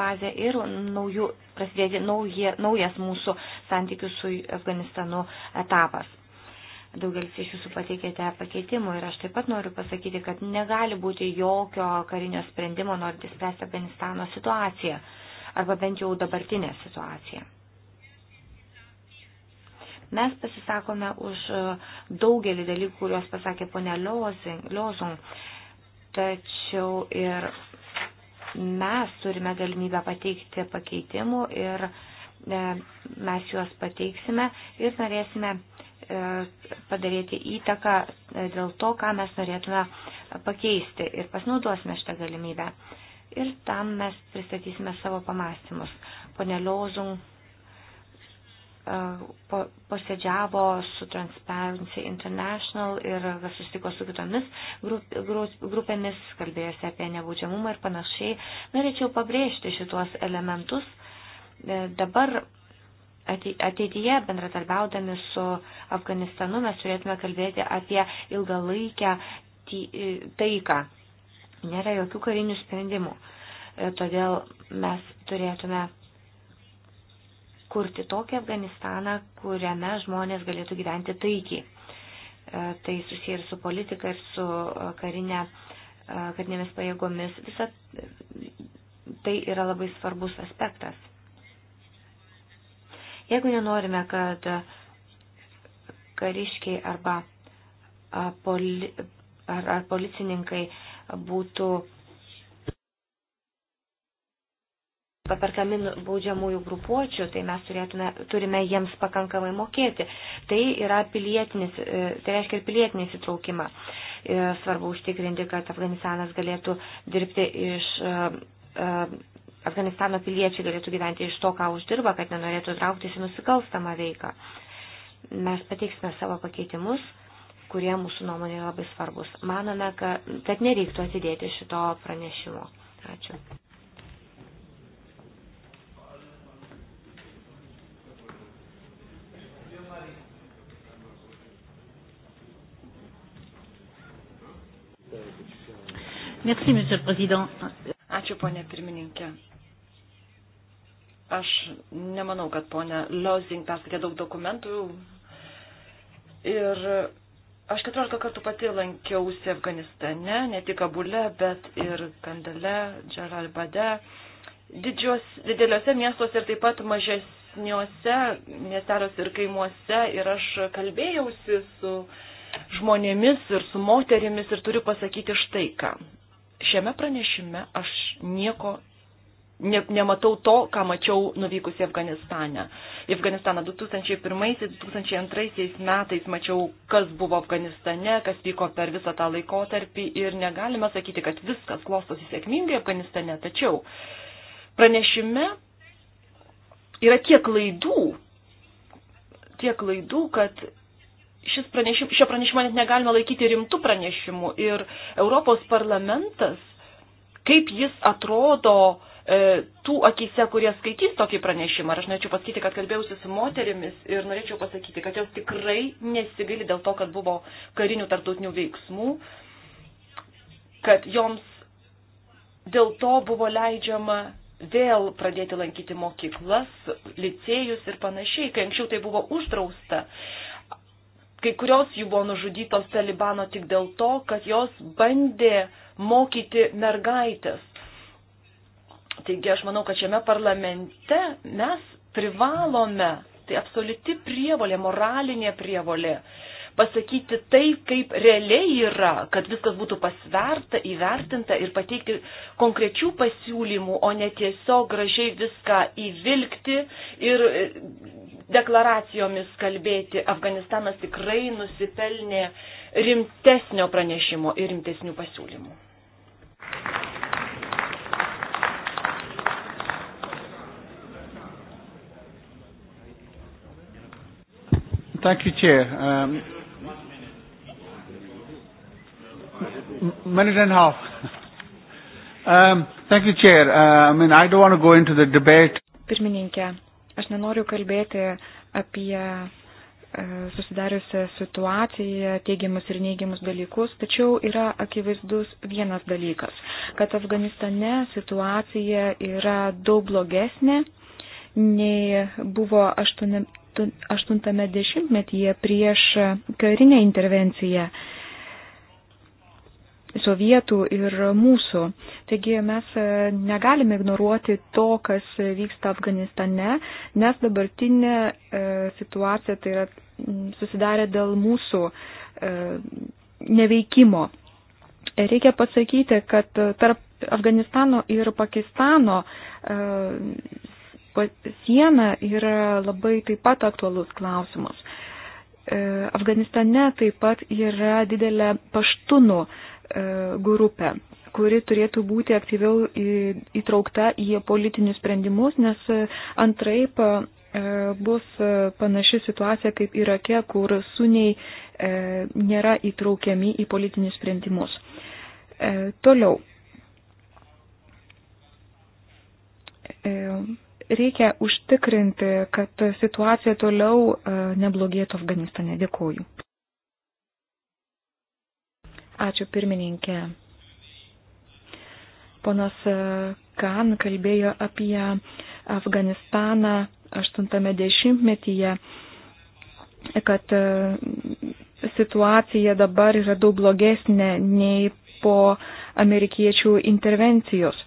fazė ir naujų, prasidėti nauja, naujas mūsų santykių su Afganistanu etapas. Daugelis iš jūsų pateikėte pakeitimų ir aš taip pat noriu pasakyti, kad negali būti jokio karinio sprendimo norint įspręsti Afganistano situaciją arba bent jau dabartinę situaciją. Mes pasisakome už daugelį dalykų, kuriuos pasakė ponia Liozung, tačiau ir mes turime galimybę pateikti pakeitimų ir e, mes juos pateiksime ir norėsime E, padaryti įtaką e, dėl to, ką mes norėtume pakeisti ir pasinaudosime šitą galimybę. Ir tam mes pristatysime savo pamastymus. Pone Liozung e, posėdžiavo su Transparency International ir susitiko su kitomis grupėmis, kalbėjosi apie nebaudžiamumą ir panašiai. Norėčiau pabrėžti šitos elementus. Dabar ateityje, bendratarbiaudami su Afganistanu, mes turėtume kalbėti apie ilgalaikę taiką. Nėra jokių karinių sprendimų. E, todėl mes turėtume kurti tokį Afganistaną, kuriame žmonės galėtų gyventi taikiai. E, tai susiję ir su politika, ir su e, karinė, karinėmis pajėgomis. Visa tai yra labai svarbus aspektas. Jeigu nenorime, kad kariškiai arba poli, ar, ar policininkai būtų paperkami nu, baudžiamųjų grupuočių, tai mes turėtume, turime jiems pakankamai mokėti. Tai yra pilietinis, e, tai reiškia ir pilietinį įsitraukimą. E, svarbu užtikrinti, kad Afganistanas galėtų dirbti iš e, Afganistano piliečiai galėtų gyventi iš to, ką uždirba, kad nenorėtų trauktis į nusikalstamą veiką. Mes pateiksime savo pakeitimus, kurie mūsų nuomonė labai svarbus. Manome, kad, kad nereiktų atidėti šito pranešimo. Ačiū. Merci, Monsieur le Président. Ačiū, ponė pirmininkė. Aš nemanau, kad ponė Liozing perskaitė daug dokumentų. Ir aš 14 kartų pati lankiausi Afganistane, ne tik Kabule, bet ir Kandale, Džaralbade, dideliuose miestuose ir taip pat mažesniuose miesteliuose ir kaimuose. Ir aš kalbėjausi su žmonėmis ir su moterimis ir turiu pasakyti štai ką šiame pranešime aš nieko ne, nematau to, ką mačiau nuvykus į Afganistaną. Į Afganistaną 2001-2002 metais mačiau, kas buvo Afganistane, kas vyko per visą tą laikotarpį ir negalime sakyti, kad viskas klostosi sėkmingai Afganistane, tačiau pranešime yra tiek klaidų, tiek klaidų, kad šis pranešim, šio pranešimo net negalima laikyti rimtų pranešimų. Ir Europos parlamentas, kaip jis atrodo e, tų akise, kurie skaitys tokį pranešimą. Ar aš norėčiau pasakyti, kad kalbėjausi su moterimis ir norėčiau pasakyti, kad jos tikrai nesigali dėl to, kad buvo karinių tartutinių veiksmų, kad joms dėl to buvo leidžiama vėl pradėti lankyti mokyklas, licėjus ir panašiai, kai anksčiau tai buvo uždrausta kai kurios jų buvo nužudytos talibano tik dėl to, kad jos bandė mokyti mergaitės. Taigi aš manau, kad šiame parlamente mes privalome, tai absoliuti prievolė, moralinė prievolė, pasakyti tai, kaip realiai yra, kad viskas būtų pasverta, įvertinta ir pateikti konkrečių pasiūlymų, o ne tiesiog gražiai viską įvilkti ir deklaracijomis kalbėti. Afganistanas tikrai nusipelnė rimtesnio pranešimo ir rimtesnių pasiūlymų. Thank you, Chair. Um, minute and a half. Um, thank you, Chair. Uh, I mean, I don't want to go into the debate. Pirmininkė, Aš nenoriu kalbėti apie e, susidariusią situaciją, teigiamus ir neigiamus dalykus, tačiau yra akivaizdus vienas dalykas, kad Afganistane situacija yra daug blogesnė nei buvo 80-metyje prieš karinę intervenciją sovietų ir mūsų. Taigi mes e, negalime ignoruoti to, kas vyksta Afganistane, nes dabartinė e, situacija tai yra susidarė dėl mūsų e, neveikimo. Reikia pasakyti, kad tarp Afganistano ir Pakistano siena yra labai taip pat aktualus klausimas. Afganistane taip pat yra didelė paštunų E, grupę, kuri turėtų būti aktyviau įtraukta į politinius sprendimus, nes e, antraip e, bus panaši situacija kaip Irake, kur suniai nėra įtraukiami į politinius sprendimus. Toliau. Reikia užtikrinti, kad situacija toliau neblogėtų Afganistane. Dėkuoju. Ačiū pirmininkė. Ponas Kan kalbėjo apie Afganistaną 80-metyje, kad situacija dabar yra daug blogesnė nei po amerikiečių intervencijos.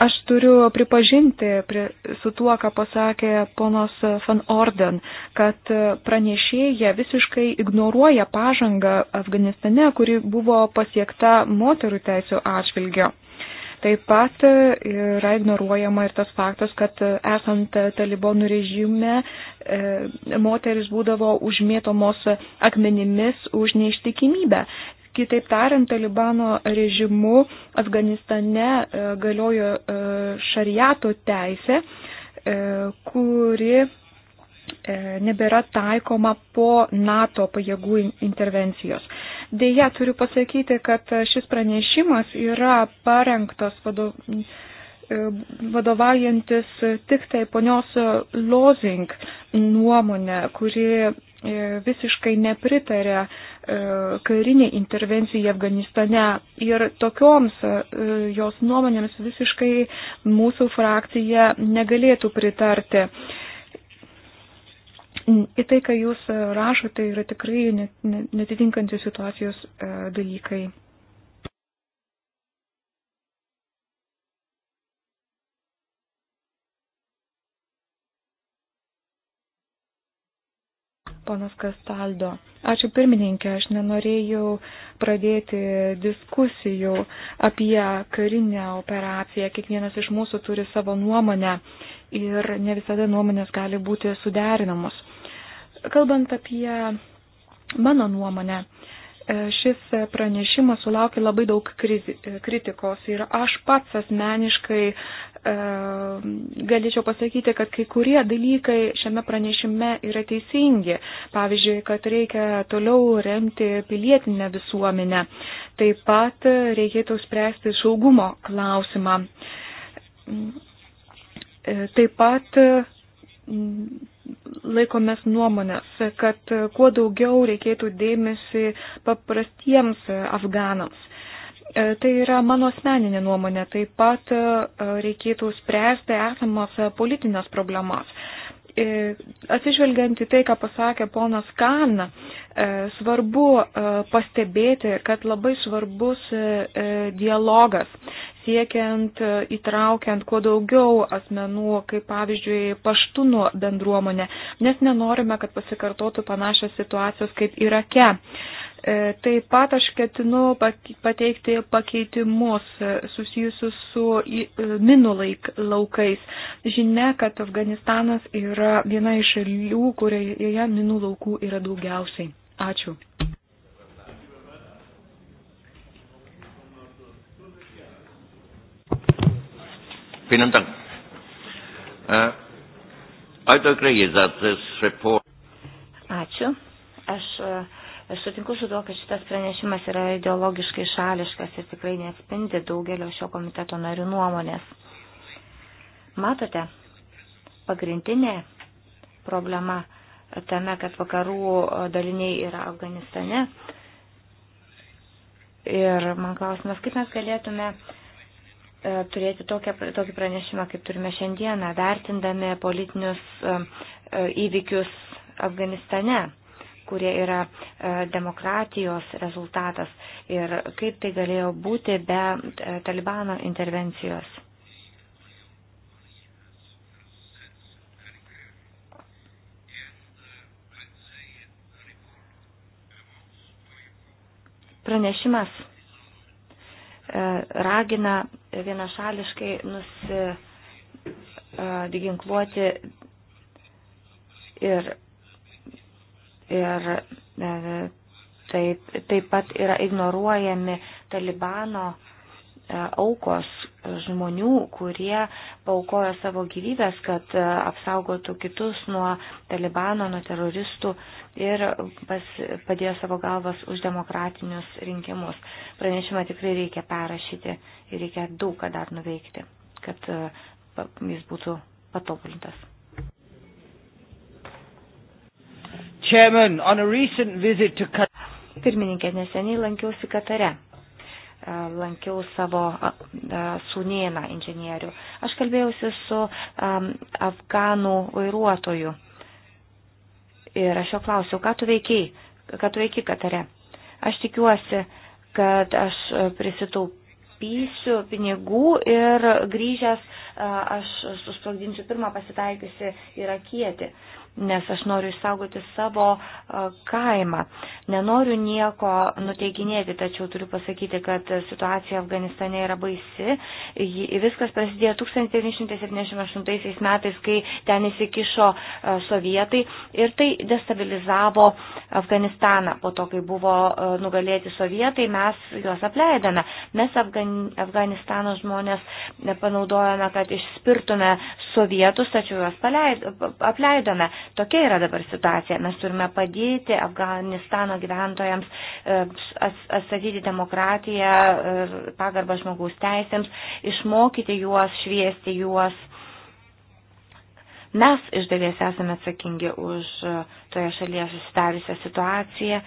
Aš turiu pripažinti prie, su tuo, ką pasakė ponos Van Orden, kad pranešėja visiškai ignoruoja pažangą Afganistane, kuri buvo pasiekta moterų teisų atžvilgio. Taip pat yra ignoruojama ir tas faktas, kad esant talibonų režime e, moteris būdavo užmėtomos akmenimis už neištikimybę. Kitaip tariant, Talibano režimu Afganistane e, galiojo e, šariato teisė, e, kuri nebėra taikoma po NATO pajėgų intervencijos. Deja, turiu pasakyti, kad šis pranešimas yra parengtas vadovų E, vadovaujantis tik tai ponios Lozing nuomonę, kuri e, visiškai nepritarė e, kariniai intervencijai Afganistane. Ir tokioms jos nuomonėms visiškai mūsų frakcija negalėtų pritarti. Į tai, ką jūs rašote, yra tikrai netitinkanti situacijos dalykai. Ponas Kastaldo. Ačiū pirmininkė, aš nenorėjau pradėti diskusijų apie karinę operaciją. Kiekvienas iš mūsų turi savo nuomonę ir ne visada nuomonės gali būti suderinamos. Kalbant apie mano nuomonę, E, šis pranešimas sulaukė labai daug krizi, e, kritikos ir aš pats asmeniškai e, galėčiau pasakyti, kad kai kurie dalykai šiame pranešime yra teisingi. Pavyzdžiui, kad reikia toliau remti pilietinę visuomenę. Taip pat reikėtų spręsti saugumo klausimą. E, taip pat laikomės nuomonės, kad kuo daugiau reikėtų dėmesį paprastiems afganams. E, tai yra mano asmeninė nuomonė. Taip pat e, reikėtų spręsti esamas politinės problemas. E, atsižvelgiant į tai, ką pasakė ponas Kan, svarbu pastebėti, kad labai svarbus dialogas siekiant įtraukiant kuo daugiau asmenų, kaip pavyzdžiui, paštūnų bendruomonę, nes nenorime, kad pasikartotų panašios situacijos kaip Irake. E, taip pat aš ketinu pateikti pakeitimus susijusius su e, minų laik, laukais. Žinia, kad Afganistanas yra viena iš šalių, kurioje minų laukų yra daugiausiai. Ačiū. Vielen Dank. Uh, I agree that this report. Ačiū. Aš e, Aš sutinku su to, kad šitas pranešimas yra ideologiškai šališkas ir tikrai neatspindi daugelio šio komiteto narių nuomonės. Matote, pagrindinė problema tame, kad vakarų daliniai yra Afganistane. Ir man klausimas, kaip mes galėtume uh, E, turėti tokią, tokį pranešimą, kaip turime šiandieną, vertindami politinius e, e, įvykius Afganistane, kurie yra demokratijos rezultatas ir kaip tai galėjo būti be Talibano intervencijos. Pranešimas E, ragina vienašališkai nusiginkluoti e, ir, ir e, taip, taip pat yra ignoruojami Talibano E, aukos žmonių, kurie paukojo savo gyvybės, kad e, apsaugotų kitus nuo talibano, nuo teroristų ir pas, padėjo savo galvas už demokratinius rinkimus. Pranešimą tikrai reikia perrašyti ir reikia daug ką dar nuveikti, kad e, jis būtų patobulintas. Chairman, on a recent visit to Qatar. Pirmininkė, neseniai lankiausi Katare lankiau savo sūnėną inžinierių. Aš kalbėjausi su afganų vairuotoju ir aš jo klausiau, ką tu veikiai, ką tu veikiai Katare. Aš tikiuosi, kad aš e, prisitaupysiu pinigų ir grįžęs e, aš susprogdinsiu pirmą pasitaikiusi irakietį nes aš noriu išsaugoti savo e, kaimą. Nenoriu nieko nuteiginėti, tačiau turiu pasakyti, kad situacija Afganistane yra baisi. Viskas prasidėjo 1978 metais, kai ten įsikišo e, sovietai ir tai destabilizavo Afganistaną. Po to, kai buvo e, nugalėti sovietai, mes juos apleidome. Mes Afganistano žmonės panaudojame, kad išspirtume sovietus, tačiau juos apleidome. Tokia yra dabar situacija. Mes turime padėti Afganistano gyventojams e, atstatyti demokratiją, e, pagarbą žmogaus teisėms, išmokyti juos, šviesti juos. Mes iš dalies esame atsakingi už e, toje šalyje susidariusią situaciją.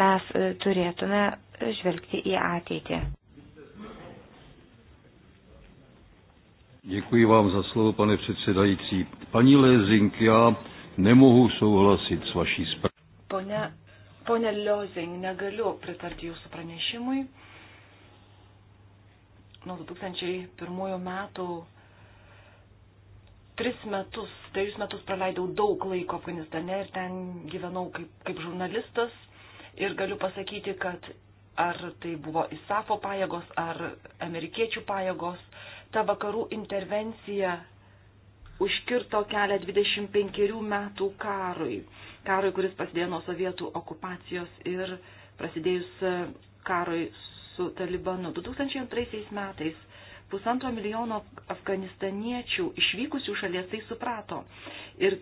Mes turėtume žvelgti į ateitį. Děkuji vám za slovo, pane předsedající. Paní Lézink, já nemohu souhlasit s vaší zprávou. Pone, pone Liozing, negaliu pritarti jūsų pranešimui. Nuo 2001 metų tris metus, trejus metus praleidau daug laiko Afganistane ir ten gyvenau kaip, kaip žurnalistas ir galiu pasakyti, kad ar tai buvo ISAFO pajėgos, ar amerikiečių pajėgos, uh, ta vakarų intervencija užkirto kelią 25 metų karui. Karui, kuris prasidėjo nuo sovietų okupacijos ir prasidėjus e, karui su Talibanu. 2002 metais pusantro milijono afganistaniečių išvykusių šalies tai suprato. Ir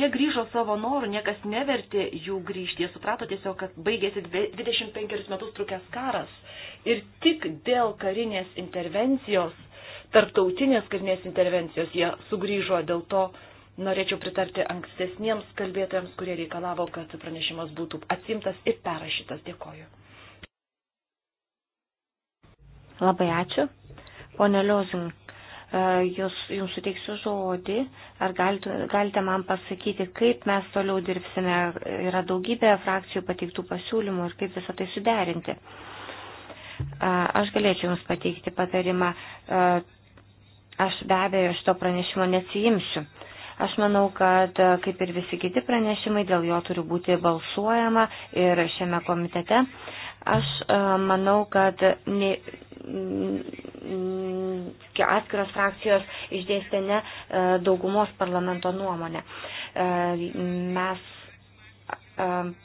jie grįžo savo norų, niekas nevertė jų grįžti. Jie suprato tiesiog, kad baigėsi 25 metus trukęs karas. Ir tik dėl karinės intervencijos tarptautinės karinės intervencijos, jie sugrįžo dėl to. Norėčiau pritarti ankstesniems kalbėtojams, kurie reikalavo, kad pranešimas būtų atsimtas ir perrašytas. Dėkoju. Labai ačiū. Pone Liozing, e, jūs, jums suteiksiu žodį. Ar galite, galite man pasakyti, kaip mes toliau dirbsime? Yra daugybė frakcijų pateiktų pasiūlymų ir kaip visą tai suderinti. E, aš galėčiau Jums pateikti patarimą e, Aš be abejo šito pranešimo nesijimsiu. Aš manau, kad e, kaip ir visi kiti pranešimai, dėl jo turi būti balsuojama ir šiame komitete. Aš e, manau, kad ne, atskiros frakcijos išdėstė ne e, daugumos parlamento nuomonę. Mes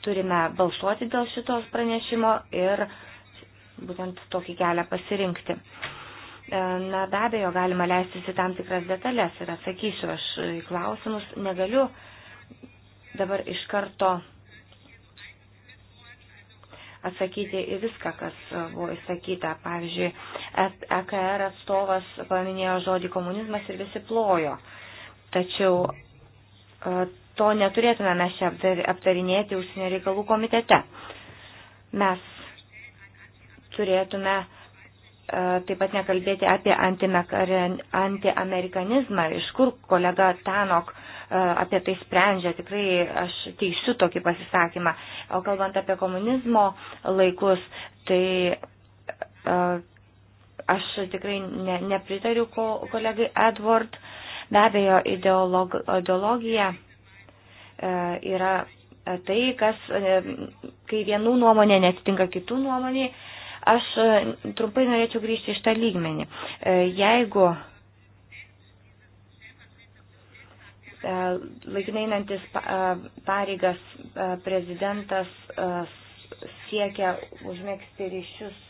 turime balsuoti dėl šitos pranešimo ir būtent tokį kelią pasirinkti. E, na, be abejo, galima leistis į tam tikras detalės ir atsakysiu aš į klausimus. Negaliu dabar iš karto atsakyti į viską, kas buvo įsakyta. Pavyzdžiui, EKR e atstovas paminėjo žodį komunizmas ir visi plojo. Tačiau e, to neturėtume mes čia aptarinėti užsienio reikalų komitete. Mes turėtume uh, E, taip pat nekalbėti apie antiamerikanizmą, iš kur kolega Tanok e, apie tai sprendžia, tikrai aš teisiu tokį pasisakymą. O kalbant apie komunizmo laikus, tai e, aš tikrai ne, nepritariu ko, kolegai Edward. Be abejo, ideolog, ideologija yra tai, kas, kai vienų nuomonė netitinka kitų nuomonė, Aš e, trumpai norėčiau grįžti iš tą lygmenį. E, jeigu e, laikinainantis pareigas prezidentas siekia užmėgsti ryšius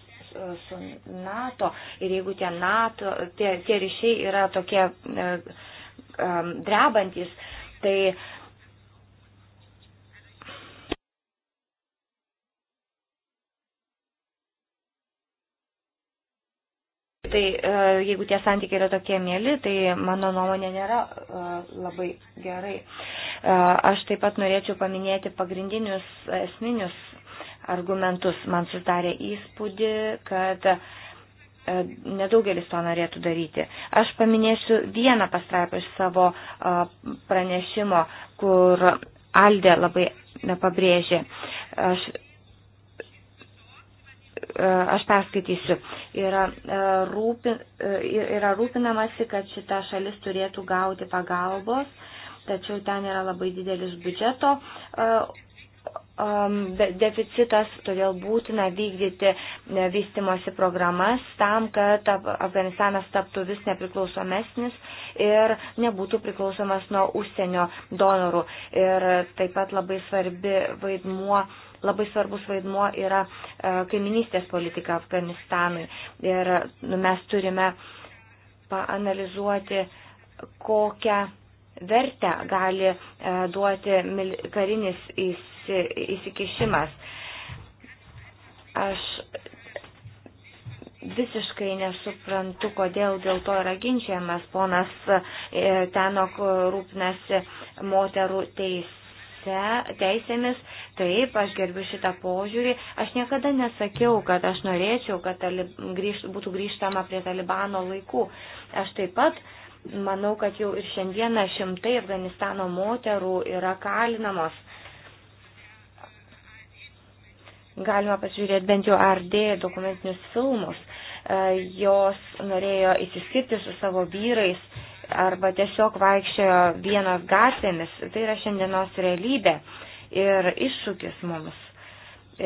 su NATO ir jeigu tie, NATO, tie, tie ryšiai yra tokie drebantis, tai uh, Tai e, jeigu tie santykiai yra tokie mėly, tai mano nuomonė nėra e, labai gerai. E, aš taip pat norėčiau paminėti pagrindinius esminius argumentus. Man sudarė įspūdį, kad nedaugelis to norėtų daryti. Aš paminėsiu vieną pastraipą iš savo pranešimo, kur Aldė labai pabrėžė. Aš E, aš perskaitysiu, yra, e, rūpi, e, yra rūpinamasi, kad šita šalis turėtų gauti pagalbos, tačiau ten yra labai didelis biudžeto deficitas, todėl būtina vykdyti vystimosi programas tam, kad Afganistanas taptų vis nepriklausomesnis ir nebūtų priklausomas nuo užsienio donorų. Ir taip pat labai svarbi vaidmuo uh, labai svarbus vaidmuo yra e, kaiminystės politika Afganistanui. Ir nu, mes turime paanalizuoti, kokią vertę gali e, duoti karinis įsikišimas. Aš visiškai nesuprantu, kodėl dėl to yra ginčiamas. Ponas e, Tenok rūpnasi moterų teis, teise, teisėmis. Taip, aš gerbiu šitą požiūrį. Aš niekada nesakiau, kad aš norėčiau, kad talib, grįž, būtų grįžtama prie Talibano laikų. Aš taip pat manau, kad jau ir šiandieną šimtai Afganistano moterų yra kalinamos. Galima pasižiūrėti bent jau RD dokumentinius filmus. E, jos norėjo įsiskirti su savo vyrais arba tiesiog vaikščiojo vienas gatvėmis. Tai yra šiandienos realybė ir iššūkis mums.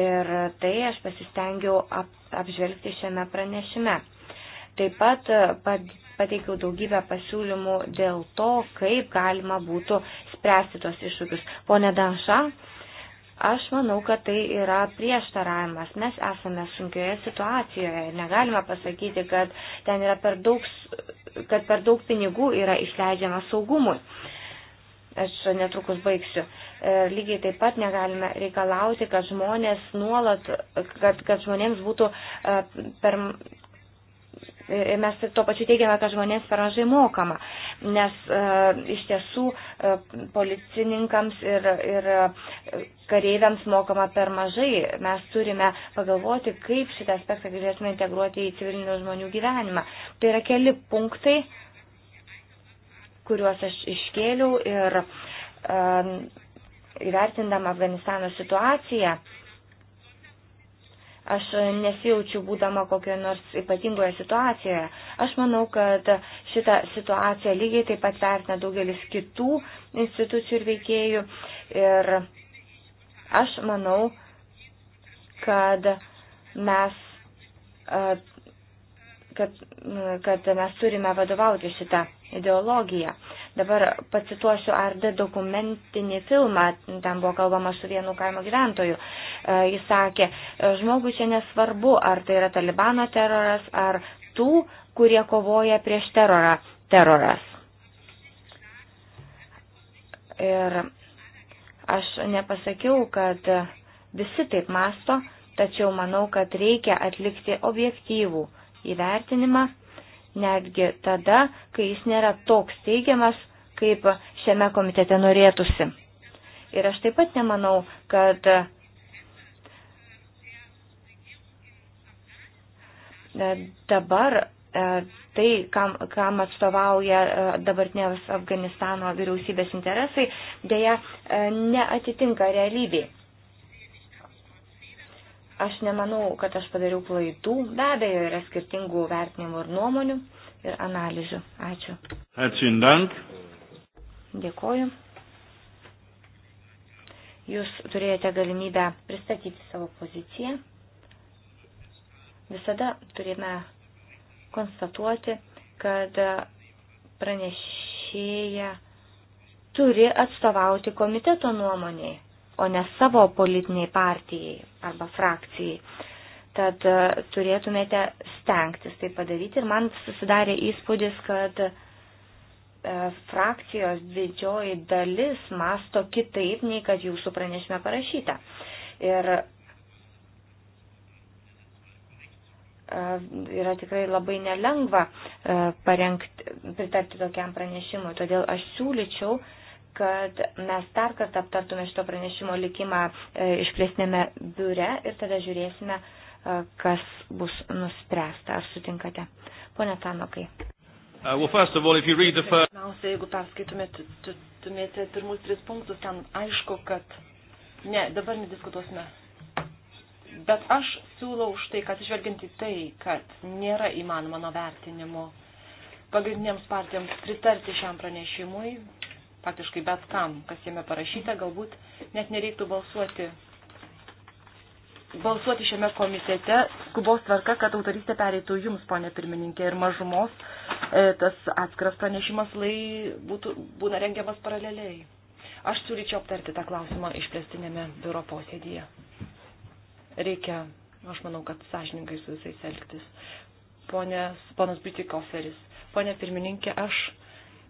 Ir tai aš pasistengiau ap, apžvelgti šiame pranešime. Taip pat e, pateikiau daugybę pasiūlymų dėl to, kaip galima būtų spręsti tos iššūkius. Pone Danša, Aš manau, kad tai yra prieštaravimas. Mes esame sunkioje situacijoje ir negalime pasakyti, kad ten yra per daug, kad per daug pinigų yra išleidžiama saugumui. Aš netrukus baigsiu. E, lygiai taip pat negalime reikalauti, kad žmonės nuolat, kad, kad žmonėms būtų e, per, mes tuo pačiu teigiame, kad žmonėms per mažai mokama, nes e, iš tiesų e, policininkams ir, ir kareiviams mokama per mažai. Mes turime pagalvoti, kaip šitą aspektą galėsime integruoti į civilinių žmonių gyvenimą. Tai yra keli punktai, kuriuos aš iškėliau ir e, įvertindama Afganistano situaciją Aš nesijaučiu būdama kokioje nors ypatingoje situacijoje. Aš manau, kad šitą situaciją lygiai taip pat vertina daugelis kitų institucijų ir veikėjų. Ir aš manau, kad mes, kad, kad mes turime vadovauti šitą ideologiją. Dabar pacituosiu RD dokumentinį filmą, ten buvo kalbama su vienu kaimo gyventoju. E, jis sakė, e, žmogui čia nesvarbu, ar tai yra talibano teroras, ar tų, kurie kovoja prieš terorą, teroras. Ir aš nepasakiau, kad visi taip masto, tačiau manau, kad reikia atlikti objektyvų įvertinimą netgi tada, kai jis nėra toks teigiamas, kaip šiame komitete norėtųsi. Ir aš taip pat nemanau, kad e, dabar e, tai, kam, kam atstovauja e, dabartinės Afganistano vyriausybės interesai, dėja neatitinka realybėje. Aš nemanau, kad aš padariau klaidų. Be abejo, yra skirtingų vertinimų ir nuomonių ir analizių. Ačiū. Ačiū, Dank. Dėkoju. Jūs turėjote galimybę pristatyti savo poziciją. Visada turime konstatuoti, kad pranešėja turi atstovauti komiteto nuomonėje o ne savo politiniai partijai arba frakcijai. Tad e, turėtumėte stengtis tai padaryti ir man susidarė įspūdis, kad e, frakcijos didžioji dalis masto kitaip, nei kad jūsų pranešime parašyta. Ir e, yra tikrai labai nelengva parengti, pritarti tokiam pranešimui. Todėl aš siūlyčiau kad mes dar kartą aptartume šito pranešimo likimą e, išplėsnėme biure ir tada žiūrėsime, e, kas bus nuspręsta. Ar sutinkate? Pone Tanokai. Uh, well, first of all, if you read the first... Pirmiausia, jeigu perskaitumėte pirmus tris punktus, ten aišku, kad... Ne, dabar nediskutuosime. Bet aš siūlau už tai, kad išvelgiant į tai, kad nėra įmanoma nuo vertinimo pagrindiniams partijoms pritarti šiam pranešimui, faktiškai bet kam, kas jame parašyta, galbūt net nereiktų balsuoti. Balsuoti šiame komitete skubos tvarka, kad autoristė pereitų jums, ponė pirmininkė, ir mažumos e, tas atskiras pranešimas lai būtų, būna rengiamas paraleliai. Aš siūlyčiau aptarti tą klausimą išplėstinėme biuro posėdėje. Reikia, aš manau, kad sąžininkai su visais elgtis. Ponės, ponas Bitikoferis, ponė pirmininkė, aš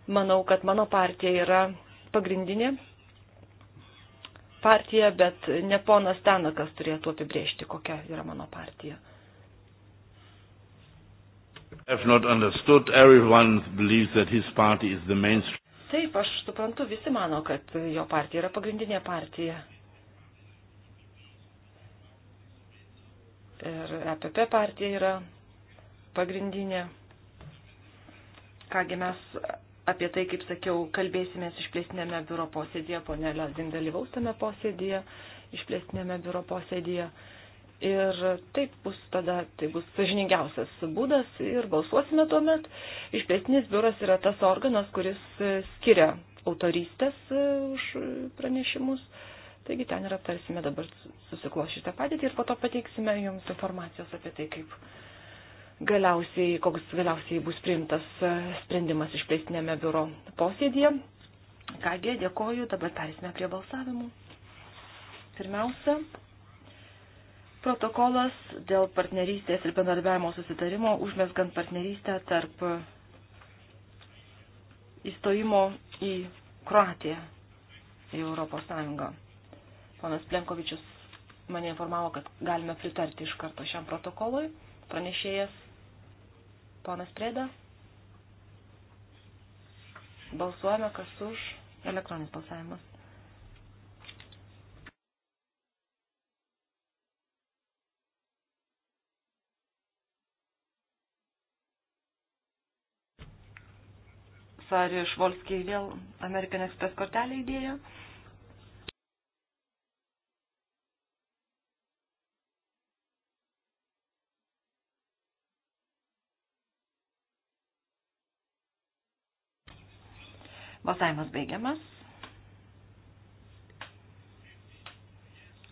manau, kad mano partija yra pagrindinė partija, bet ne ponas Tenakas turėtų apibrėžti, kokia yra mano partija. Taip, aš suprantu, visi mano, kad jo partija yra pagrindinė partija. Ir EPP partija yra pagrindinė. Kągi mes Apie tai, kaip sakiau, kalbėsimės išplėstinėme biuro posėdėje, ponė Lezdin dalyvaus tame posėdėje, išplėstinėme biuro posėdėje. Ir taip bus tada, tai bus sažiningiausias būdas ir balsuosime tuomet. Išplėstinis biuras yra tas organas, kuris skiria autorystės e, už pranešimus. Taigi ten ir aptarsime dabar susiklošytą padėtį ir po to pateiksime jums informacijos apie tai, kaip galiausiai, koks galiausiai bus priimtas e, sprendimas išplėstinėme biuro posėdėje. Kągi, dėkoju, dabar tarsime prie balsavimų. Pirmiausia, protokolas dėl partnerystės ir bendradarbiavimo susitarimo užmesgant partnerystę tarp įstojimo į Kroatiją į Europos Sąjungą. Ponas Plenkovičius mane informavo, kad galime pritarti iš karto šiam protokolui. Pranešėjas Ponas Prėda. Balsuojame, kas už elektroninis balsavimas. Sari Švolskiai vėl American Express kortelę įdėjo. Balsavimas baigiamas.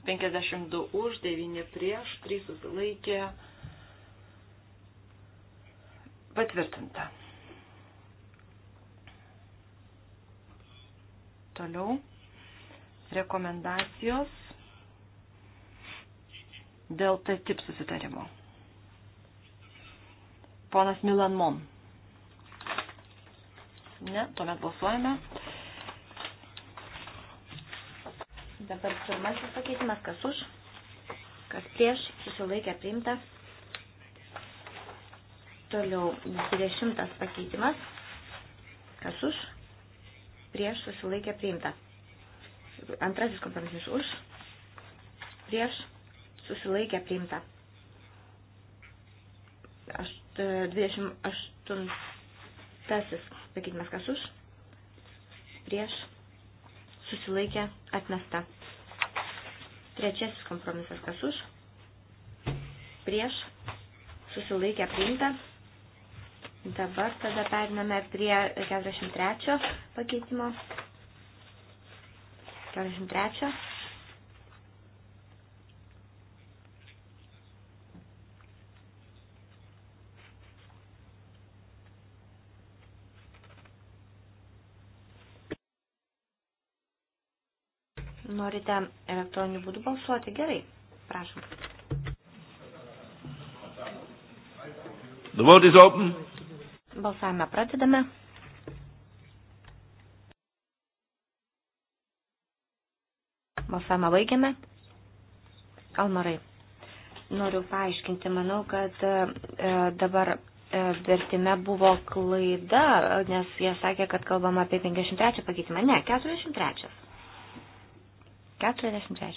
52 už, 9 prieš, 3 susilaikė. Patvirtinta. Toliau rekomendacijos dėl T-tip susitarimo. Ponas Milan Mon. Ne, tuomet balsuojame. Dabar pirmasis pakeitimas, kas už, kas prieš, susilaikė priimta. Toliau 20 pakeitimas, kas už, prieš, susilaikė priimta. Antrasis kompromisas už, prieš, susilaikė priimta. 28 e, tasis Sakytumės, kas už, prieš, susilaikė, atmesta. Trečiasis kompromisas, kas už, prieš, susilaikė, priimta. Dabar tada periname prie 43 pakeitimo. 43 Norite elektroniniu būdu balsuoti? Gerai. Prašom. The vote is open. Balsavimą pradedame. Balsavimą baigiame. Kalmarai, noriu paaiškinti, manau, kad e, dabar e, vertime buvo klaida, nes jie sakė, kad kalbama apie 53 pakeitimą. Ne, 43. 43.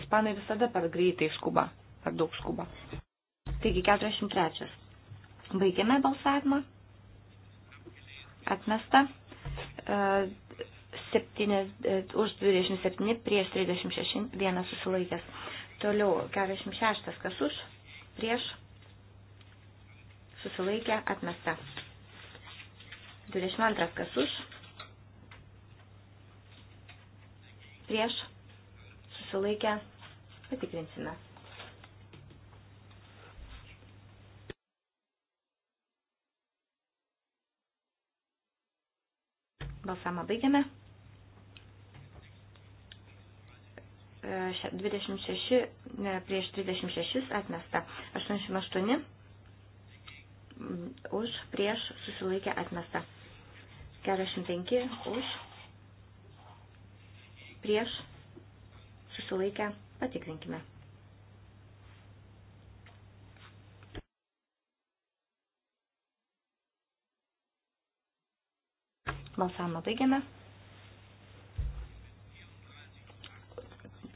Ispanai visada per greitai skuba, per daug skuba. Taigi 43. Baigėme balsavimą. Atmesta. Uh, e, 7, e, už 27 prieš 36 vienas susilaikęs. Toliau 46 kas už prieš susilaikę atmesta. 22 kas už prieš, susilaikę, patikrinsime. Balsamą baigiame. 26 e, prieš 36 atmesta. 88 už prieš susilaikę atmesta. 45 už prieš, susilaikę, patikrinkime. Balsavimą baigiame.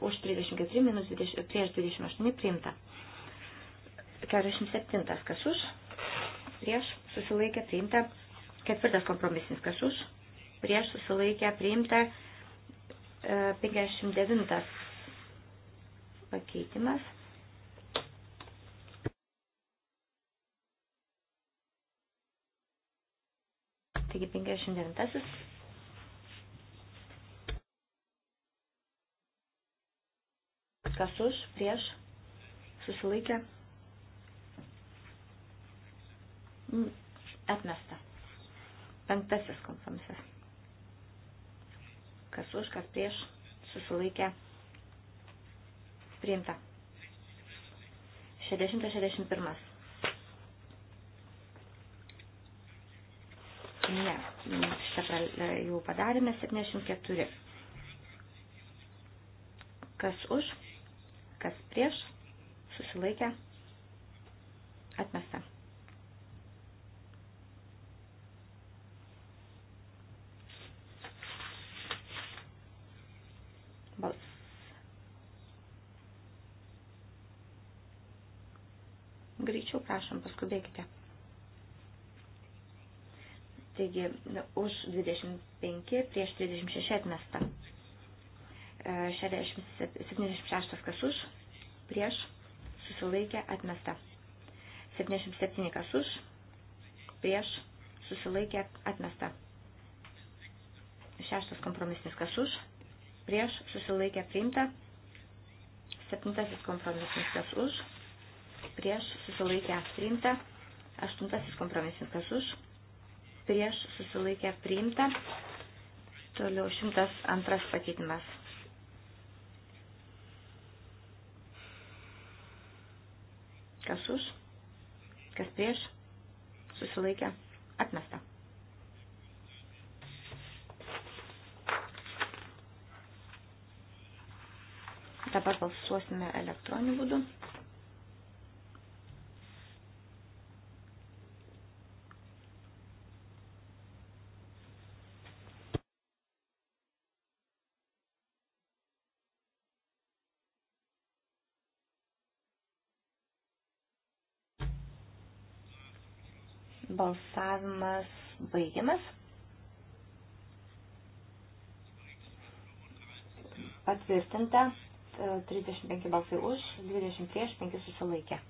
Už 34 minus 20, prieš 28 priimta. 47. Kas už? Prieš susilaikė priimta. Ketvirtas kompromisinis. Kas už? Prieš susilaikė priimta. 59 pakeitimas. Taigi 59. Kas už, prieš, susilaikė, atmesta. Penktasis kompromisas kas už, kas prieš, susilaikė, priimta. 60-61. Ne, šitą jau padarėme 74. Kas už, kas prieš, susilaikė, atmesta. greičiau, prašom, paskubėkite. Taigi, už 25 prieš 36 atmesta. 76 e, kas už, prieš, susilaikė, atmesta. 77 kas už, prieš, susilaikė, atmesta. Šeštas kompromisinis kas už, prieš, susilaikė, priimta. Septintasis kompromisinis kas už, prieš susilaikę priimta. Aštuntasis kompromisinis kas už, prieš susilaikę priimta. Toliau 102 pakeitimas. Kas už, kas prieš, susilaikę, atmesta. Dabar balsuosime elektroniniu būdu. Balsavimas baigiamas. Patvirtinta e, 35 balsai už, 20 prieš, 5 susilaikė.